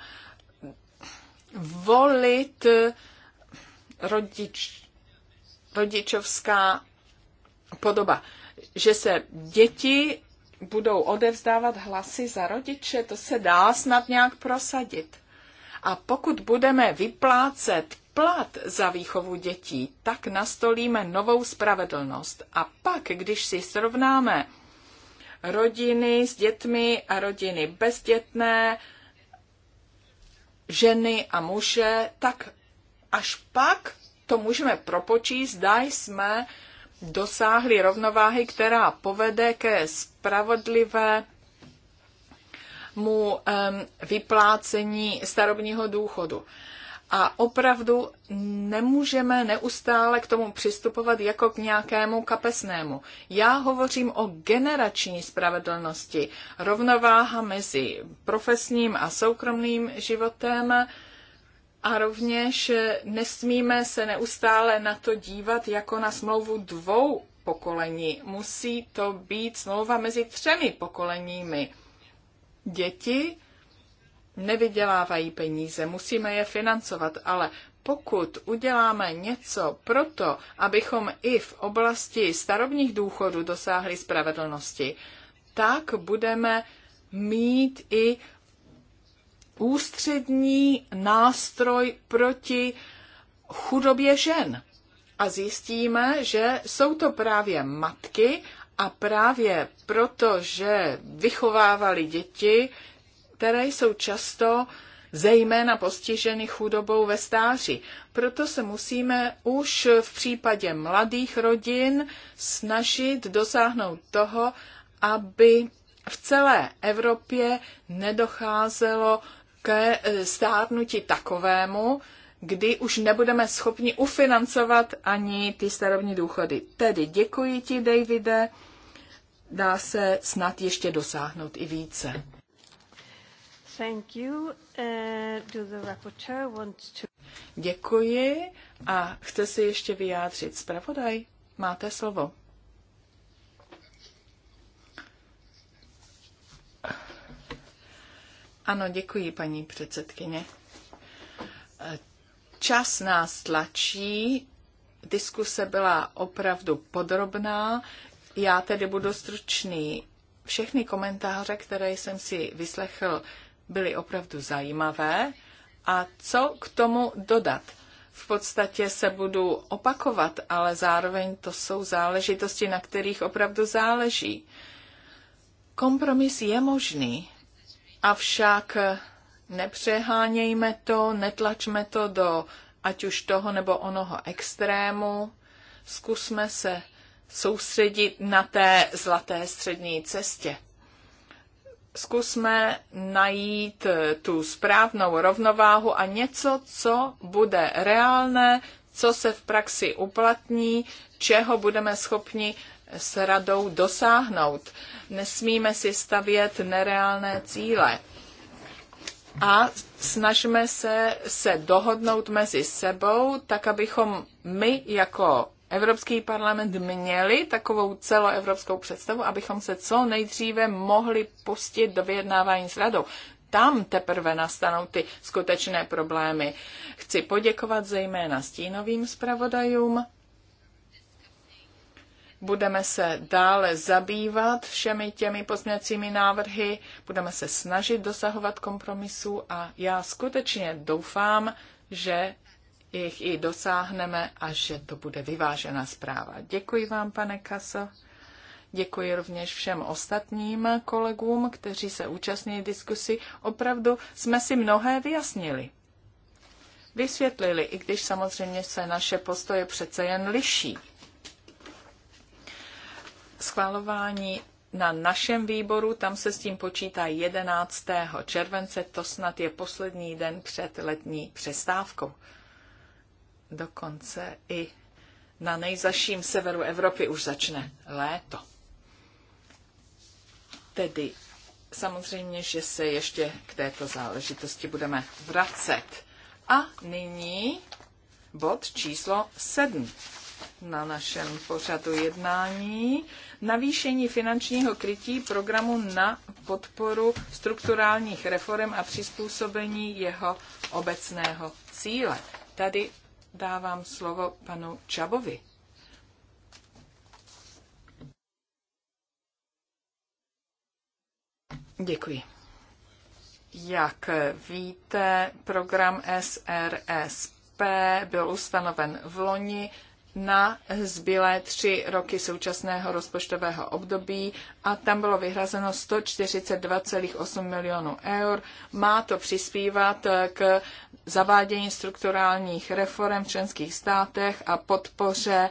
volit rodič, rodičovská podoba. Že se děti budou odevzdávat hlasy za rodiče, to se dá snad nějak prosadit. A pokud budeme vyplácet plat za výchovu dětí, tak nastolíme novou spravedlnost. A pak, když si srovnáme rodiny s dětmi a rodiny bezdětné, ženy a muže, tak až pak to můžeme propočíst, zda jsme dosáhli rovnováhy, která povede ke spravodlivé mu vyplácení starobního důchodu a opravdu nemůžeme neustále k tomu přistupovat jako k nějakému kapesnému. Já hovořím o generační spravedlnosti. Rovnováha mezi profesním a soukromým životem a rovněž nesmíme se neustále na to dívat jako na smlouvu dvou pokolení. Musí to být smlouva mezi třemi pokoleními. Děti, nevydělávají peníze, musíme je financovat, ale pokud uděláme něco proto, abychom i v oblasti starobních důchodů dosáhli spravedlnosti, tak budeme mít i ústřední nástroj proti chudobě žen. A zjistíme, že jsou to právě matky a právě proto, že vychovávali děti, které jsou často zejména postiženy chudobou ve stáří. Proto se musíme už v případě mladých rodin snažit dosáhnout toho, aby v celé Evropě nedocházelo ke eh, stárnutí takovému, kdy už nebudeme schopni ufinancovat ani ty starovní důchody. Tedy děkuji ti, Davide, dá se snad ještě dosáhnout i více. Thank you. Uh, do the rapporteur wants to... Děkuji a chce se ještě vyjádřit zpravodaj. Máte slovo. Ano, děkuji, paní předsedkyně. Eh, čas nás tlačí. Diskuse byla opravdu podrobná. Já tedy budu stručný. Všechny komentáře, které jsem si vyslechl, byly opravdu zajímavé. A co k tomu dodat? V podstatě se budu opakovat, ale zároveň to jsou záležitosti, na kterých opravdu záleží. Kompromis je možný, avšak nepřehánějme to, netlačme to do ať už toho nebo onoho extrému. Zkusme se soustředit na té zlaté střední cestě zkusme najít eh, tu správnou rovnováhu a něco, co bude reálné, co se v praxi uplatní, čeho budeme schopni s radou dosáhnout. Nesmíme si stavět nereálné cíle. A snažíme se se dohodnout mezi sebou, tak abychom my jako Evropský parlament měli takovou celoevropskou představu, abychom se co nejdříve mohli pustit do vyjednávání s radou. Tam teprve nastanou ty skutečné problémy. Chci poděkovat zejména stínovým zpravodajům. Budeme se dále zabývat všemi těmi pozměcími návrhy, budeme se snažit dosahovat kompromisu a já skutečně doufám, že jich i dosáhneme a že to bude vyvážená zpráva. Děkuji vám, pane Kaso. Děkuji rovněž všem ostatním kolegům, kteří se účastní diskusy. Opravdu jsme si mnohé vyjasnili. Vysvětlili, i když samozřejmě se naše postoje přece jen liší. Schválování na našem výboru, tam se s tím počítá 11. července, to snad je poslední den před letní přestávkou dokonce i na nejzaším severu Evropy už začne léto. Tedy samozřejmě, že se ještě k této záležitosti budeme vracet. A nyní bod číslo sedm na našem pořadu jednání. Navýšení finančního krytí programu na podporu strukturálních reform a přizpůsobení jeho obecného cíle. Tady dávám slovo panu Čabovi. Děkuji. Jak víte, program SRSP byl ustanoven v loni na zbylé tři roky současného rozpočtového období a tam bylo vyhrazeno 142,8 milionů eur. Má to přispívat k zavádění strukturálních reform v členských státech a podpoře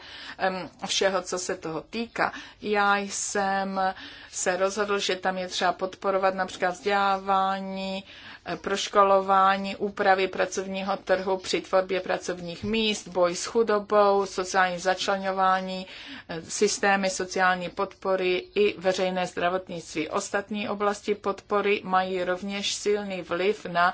všeho, co se toho týká. Já jsem se rozhodl, že tam je třeba podporovat například vzdělávání, Eh, proškolování, úpravy pracovního trhu při tvorbě pracovních míst, boj s chudobou, sociální začlenování, eh, systémy sociální podpory i veřejné zdravotnictví. Ostatní oblasti podpory mají rovněž silný vliv na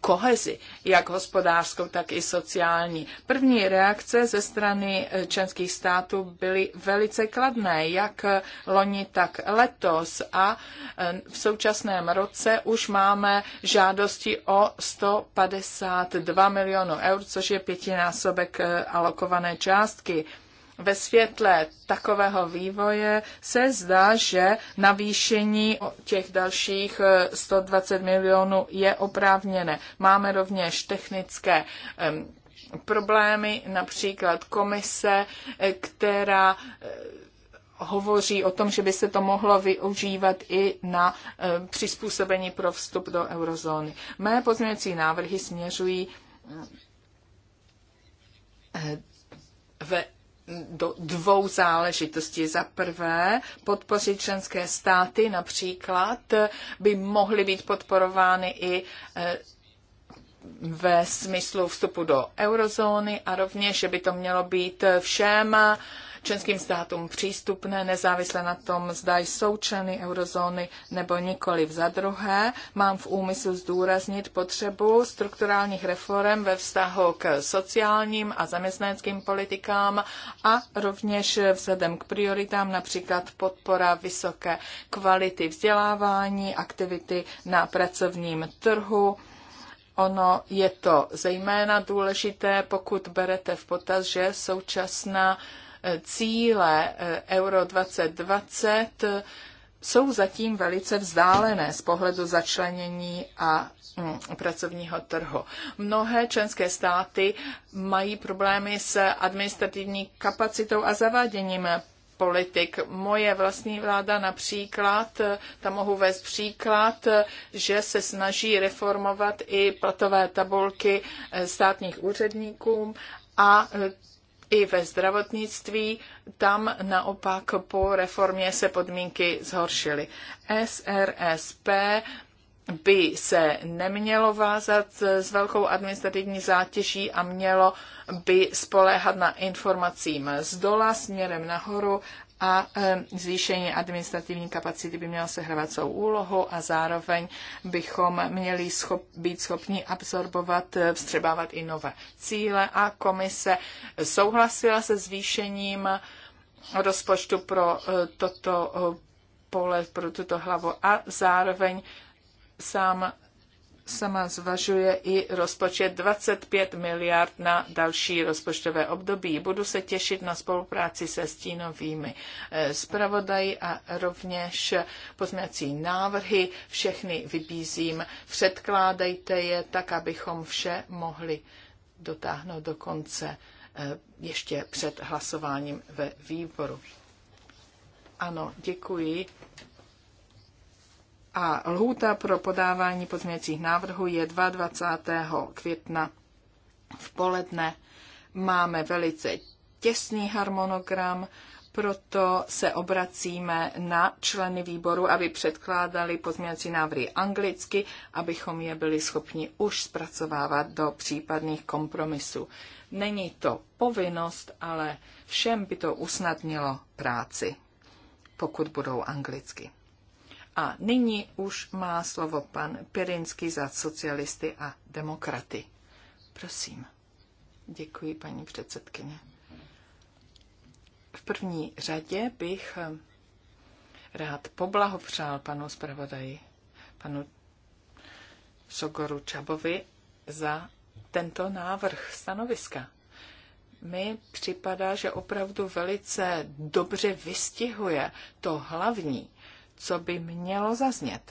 kohezi, jak hospodářskou, tak i sociální. První reakce ze strany eh, členských států byly velice kladné, jak eh, loni, tak letos a eh, v současném roce už máme žádosti o 152 milionů eur, což je pětinásobek alokované částky ve světle takového vývoje se zdá, že navýšení těch dalších 120 eh, milionů je oprávněné. Máme rovněž technické problémy, například komise, eh, která eh, hovoří o tom, že by se to mohlo využívat i na přizpůsobení pro vstup do eurozóny. Mé pozměňující návrhy směřují ve do dvou záležitostí. Za prvé, podpořit členské státy například by mohly být podporovány i eh, ve smyslu vstupu do eurozóny a rovněž, že by to mělo být všem členským státům přístupné, nezávisle na tom, zda jsou členy eurozóny nebo nikoli. Za druhé, mám v úmyslu zdůraznit potřebu strukturálních reform ve vztahu k sociálním a zaměstnaneckým politikám a rovněž vzhledem k prioritám, například podpora vysoké kvality vzdělávání, aktivity na pracovním trhu, Ono je to zejména důležité, pokud berete v potaz, že současná cíle eh, Euro 2020 jsou zatím velice vzdálené z pohledu začlenění a mm, pracovního trhu. Mnohé členské státy mají problémy s administrativní kapacitou a zaváděním politik. Moje vlastní vláda například, eh, tam mohu vést příklad, eh, že se snaží reformovat i platové tabulky státních úředníkům a i ve zdravotnictví, tam naopak po reformě se podmínky zhoršily. SRSP by se nemělo vázat s velkou administrativní zátěží a mělo by spoléhat na informacím z dola směrem nahoru a eh, zvýšení administrativní kapacity by mělo sehrávat svou úlohu a zároveň bychom měli schop, být schopni absorbovat, eh, vstřebávat i nové cíle a komise souhlasila se zvýšením rozpočtu pro eh, toto pole, pro tuto hlavu a zároveň sám sama zvažuje i rozpočet 25 miliard na další rozpočtové období. Budu se těšit na spolupráci se stínovými eh, zpravodaji a rovněž pozměcí návrhy. Všechny vybízím, předkládejte je tak, abychom vše mohli dotáhnout do konce eh, ještě před hlasováním ve výboru. Ano, děkuji a lhůta pro podávání pozměňovacích návrhů je 22. května v poledne. Máme velice těsný harmonogram, proto se obracíme na členy výboru, aby předkládali pozměňovací návrhy anglicky, abychom je byli schopni už zpracovávat do případných kompromisů. Není to povinnost, ale všem by to usnadnilo práci, pokud budou anglicky. A nyní už má slovo pan Pirinský za socialisty a demokraty. Prosím. Děkuji, paní předsedkyně. V první řadě bych eh, rád poblahopřál panu zpravodaji, panu Sogoru Čabovi za tento návrh stanoviska. Mi připadá, že opravdu velice dobře vystihuje to hlavní, co by mělo zaznět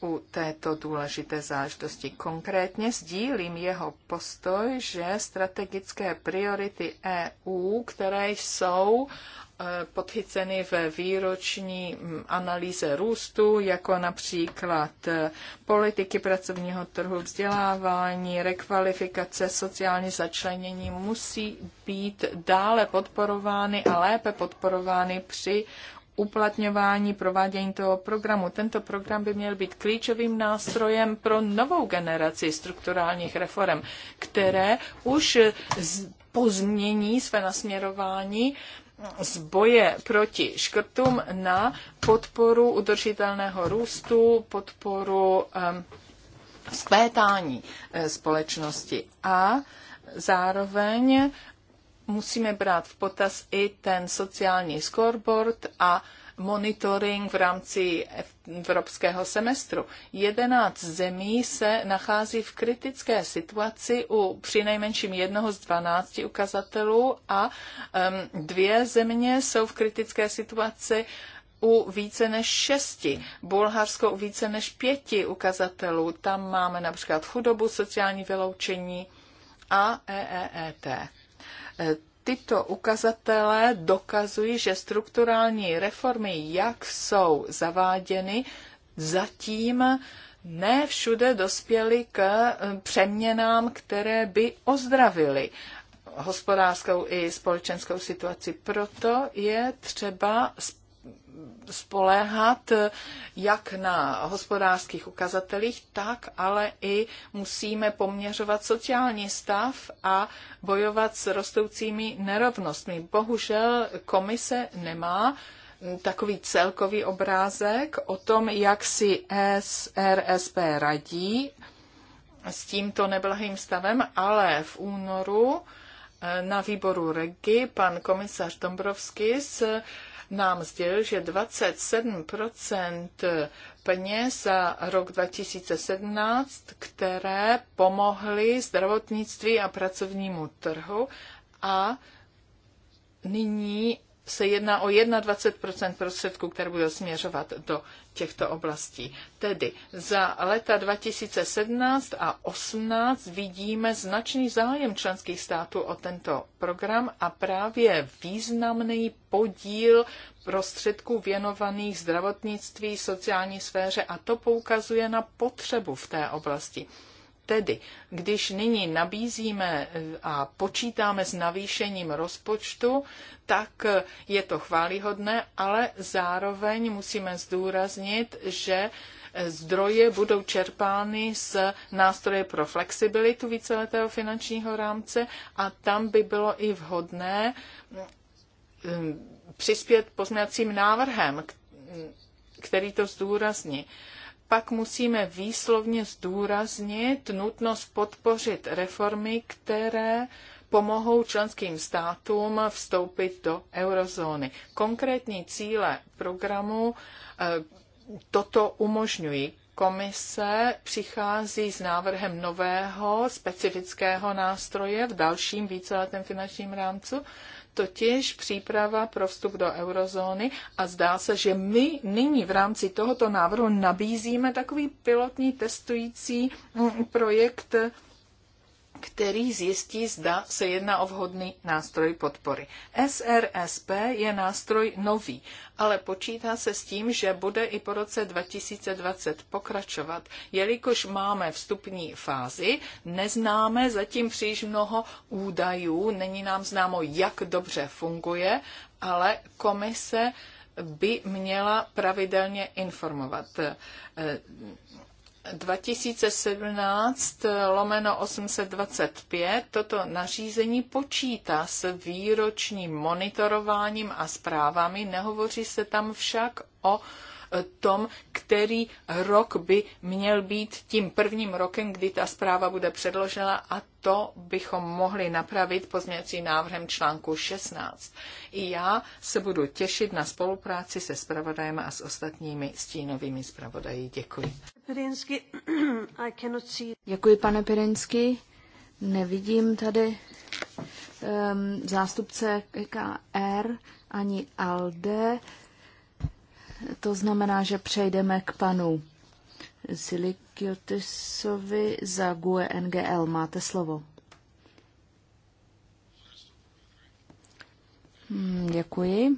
u této důležité záležitosti. Konkrétně sdílím jeho postoj, že strategické priority EU, které jsou e, podchyceny ve výroční analýze růstu, jako například e, politiky pracovního trhu, vzdělávání, rekvalifikace, sociální začlenění, musí být dále podporovány a lépe podporovány při uplatňování, provádění toho programu. Tento program by měl být klíčovým nástrojem pro novou generaci strukturálních reform, které už pozmění své nasměrování z boje proti škrtům na podporu udržitelného růstu, podporu um, zkvétání eh, společnosti a zároveň musíme brát v potaz i ten sociální scoreboard a monitoring v rámci evropského semestru. Jedenáct zemí se nachází v kritické situaci u přinejmenším jednoho z 12 ukazatelů a um, dvě země jsou v kritické situaci u více než šesti, Bulharsko u více než pěti ukazatelů. Tam máme například chudobu, sociální vyloučení a EEET. Eh, tyto ukazatele dokazují, že strukturální reformy, jak jsou zaváděny, zatím ne všude dospěly k eh, přeměnám, které by ozdravily hospodářskou i společenskou situaci. Proto je třeba spoléhat eh, jak na hospodářských ukazatelích, tak ale i musíme poměřovat sociální stav a bojovat s rostoucími nerovnostmi. Bohužel komise nemá mm, takový celkový obrázek o tom, jak si SRSP radí s tímto neblahým stavem, ale v únoru eh, na výboru REGI pan komisař Dombrovskis eh, nám sdělil, že 27% peněz za rok 2017, které pomohly zdravotnictví a pracovnímu trhu a nyní se jedná o 21 prostředků, které budou směřovat do těchto oblastí. Tedy za leta 2017 a 2018 vidíme značný zájem členských států o tento program a právě významný podíl prostředků věnovaných zdravotnictví, sociální sféře a to poukazuje na potřebu v té oblasti. Tedy, když nyní nabízíme eh, a počítáme s navýšením rozpočtu, tak eh, je to chválihodné, ale zároveň musíme zdůraznit, že eh, zdroje budou čerpány z nástroje pro flexibilitu víceletého finančního rámce a tam by bylo i vhodné přispět pozměňovacím návrhem, který to zdůrazní pak musíme výslovně zdůraznit nutnost podpořit reformy, které pomohou členským státům vstoupit do eurozóny. Konkrétní cíle programu eh, toto umožňují. Komise přichází s návrhem nového specifického nástroje v dalším víceletém finančním rámcu, totiž příprava pro vstup do eurozóny a zdá se, že my nyní v rámci tohoto návrhu nabízíme takový pilotní testující mm, projekt který zjistí, zda se jedná o vhodný nástroj podpory. SRSP je nástroj nový, ale počítá se s tím, že bude i po roce 2020 pokračovat, jelikož máme vstupní fázi, neznáme zatím příliš mnoho údajů, není nám známo, jak dobře funguje, ale komise by měla pravidelně informovat 2017 lomeno 825 toto nařízení počítá s výročním monitorováním a zprávami, nehovoří se tam však o tom, který rok by měl být tím prvním rokem, kdy ta zpráva bude předložena a to bychom mohli napravit pozměňovací návrhem článku 16. I já se budu těšit na spolupráci se zpravodajem a s ostatními stínovými zpravodají. Děkuji. Děkuji, pane Pirinsky. Nevidím tady um, zástupce KR ani ALDE. To znamená, že přejdeme k panu Silikiotisovi za GUE NGL. Máte slovo. Hmm, děkuji.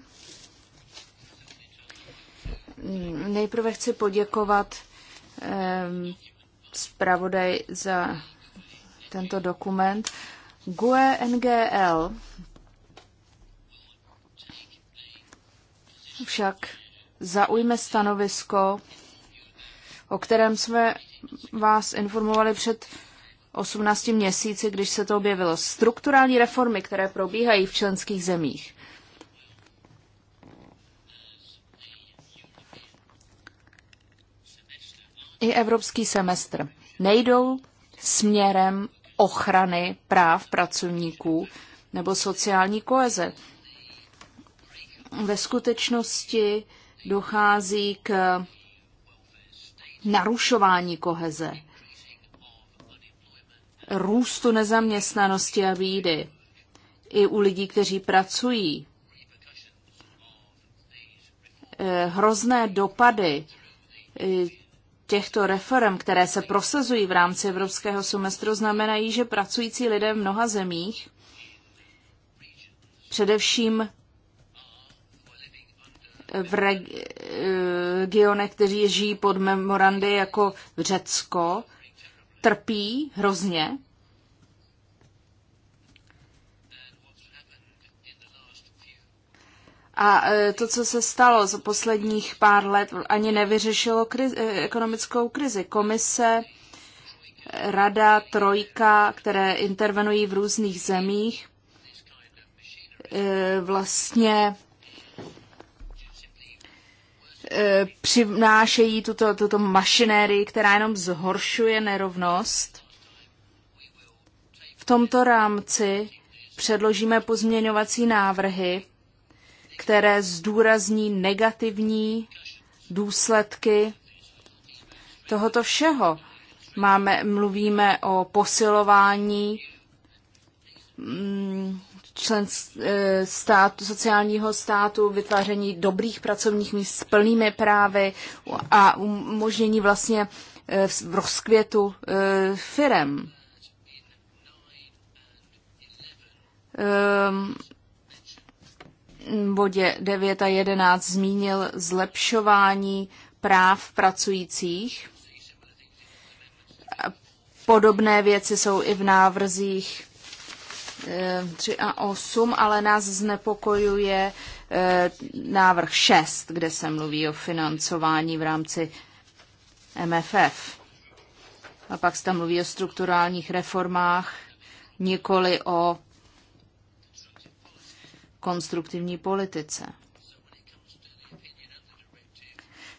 Hmm, nejprve chci poděkovat ehm, zpravodaj za tento dokument. GUE NGL však zaujme stanovisko, o kterém jsme vás informovali před 18 měsíci, když se to objevilo. Strukturální reformy, které probíhají v členských zemích. I evropský semestr nejdou směrem ochrany práv pracovníků nebo sociální koeze. Ve skutečnosti dochází k narušování koheze, růstu nezaměstnanosti a bídy i u lidí, kteří pracují. Eh, hrozné dopady eh, těchto reform, které se prosazují v rámci evropského semestru, znamenají, že pracující lidé v mnoha zemích, především v eh, regionech, kteří žijí pod memorandy jako v Řecko, trpí hrozně. A eh, to, co se stalo za posledních pár let, ani nevyřešilo krizi, eh, ekonomickou krizi. Komise, rada, trojka, které intervenují v různých zemích, vlastně E, přinášejí tuto, tuto mašinérii, která jenom zhoršuje nerovnost. V tomto rámci předložíme pozměňovací návrhy, které zdůrazní negativní důsledky tohoto všeho. Máme, mluvíme o posilování mm, člen eh, státu, sociálního státu, vytváření dobrých pracovních míst s plnými právy a umožnění vlastně eh, v rozkvětu eh, firem. Ehm, v bodě 9 a 11 zmínil zlepšování práv pracujících. Podobné věci jsou i v návrzích 3 a 8, ale nás znepokojuje eh, návrh 6, kde se mluví o financování v rámci MFF. A pak se tam mluví o strukturálních reformách, nikoli o konstruktivní politice.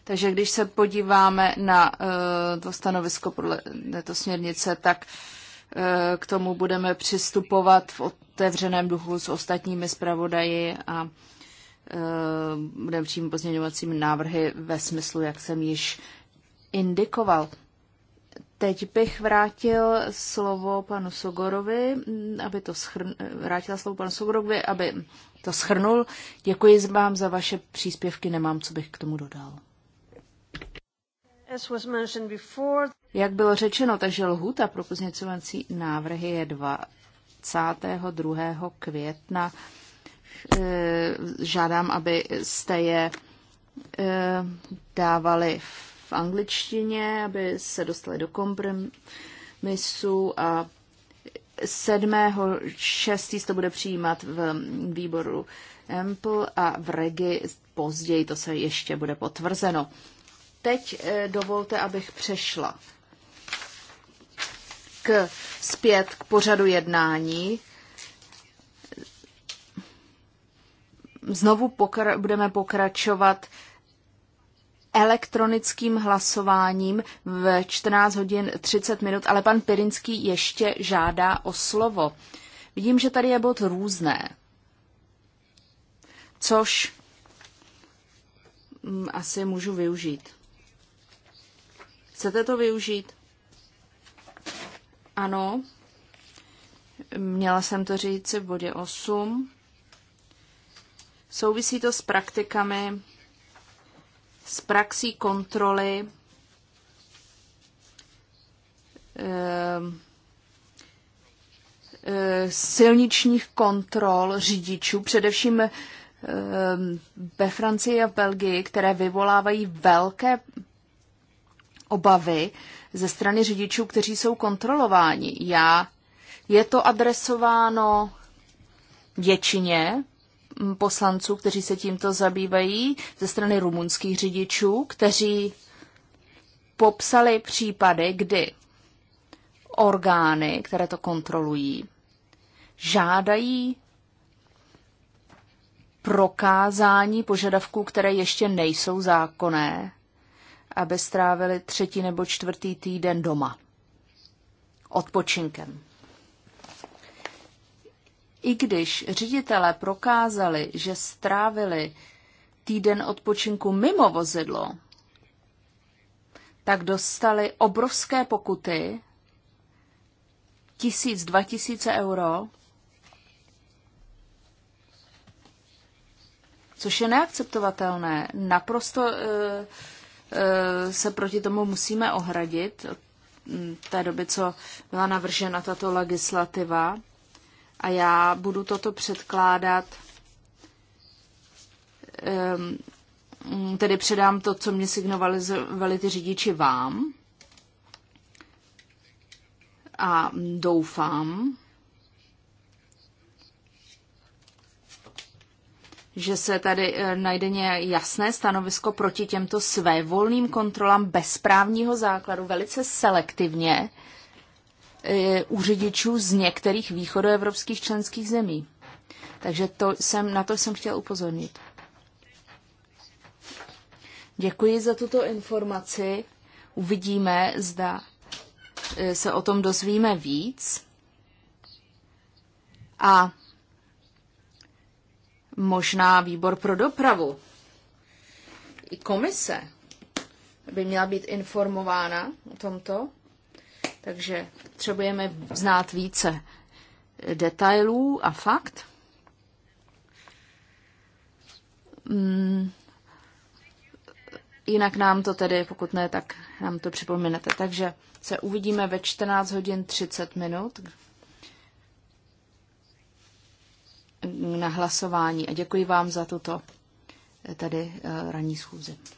Takže když se podíváme na eh, to stanovisko podle této směrnice, tak uh, k tomu budeme přistupovat v otevřeném duchu s ostatními zpravodaji a e, budeme přijímat pozměňovacím návrhy ve smyslu, jak jsem již indikoval. Teď bych vrátil slovo panu Sogorovi, aby to schrn... vrátila slovo panu Sogorovi, aby to schrnul. Děkuji vám za vaše příspěvky, nemám, co bych k tomu dodal. Jak bylo řečeno, takže lhuta pro pozněcovací návrhy je 22. května. Eh, žádám, abyste je eh, dávali v angličtině, aby se dostali do kompromisu a 7. 6. to bude přijímat v výboru Ample a v Regi později to se ještě bude potvrzeno. Teď eh, dovolte, abych přešla k, zpět k pořadu jednání. Znovu pokra- budeme pokračovat elektronickým hlasováním v 14 hodin 30 minut, ale pan Pirinský ještě žádá o slovo. Vidím, že tady je bod různé, což mm, asi můžu využít. Chcete to využít? Ano. Měla jsem to říct v bodě 8. Souvisí to s praktikami, s praxí kontroly eh, eh, silničních kontrol řidičů, především eh, ve Francii a v Belgii, které vyvolávají velké obavy ze strany řidičů, kteří jsou kontrolováni. Já, je to adresováno většině poslanců, kteří se tímto zabývají, ze strany rumunských řidičů, kteří popsali případy, kdy orgány, které to kontrolují, žádají prokázání požadavků, které ještě nejsou zákonné aby strávili třetí nebo čtvrtý týden doma odpočinkem. I když ředitelé prokázali, že strávili týden odpočinku mimo vozidlo, tak dostali obrovské pokuty, tisíc, dva tisíce euro, což je neakceptovatelné, naprosto e, E, se proti tomu musíme ohradit od té doby, co byla navržena tato legislativa. A já budu toto předkládat, tedy předám to, co mě signovali ty řidiči vám. A doufám, že se tady eh, najde nějaké jasné stanovisko proti těmto svévolným kontrolám bezprávního základu velice selektivně eh, u řidičů z některých východoevropských členských zemí. Takže to jsem, na to jsem chtěl upozornit. Děkuji za tuto informaci. Uvidíme, zda eh, se o tom dozvíme víc. A možná výbor pro dopravu. I komise by měla být informována o tomto, takže potřebujeme znát více detailů a fakt. Hmm. Jinak nám to tedy, pokud ne, tak nám to připomenete. Takže se uvidíme ve 14 hodin 30 minut. na hlasování a děkuji vám za tuto eh, tady eh, ranní schůzi.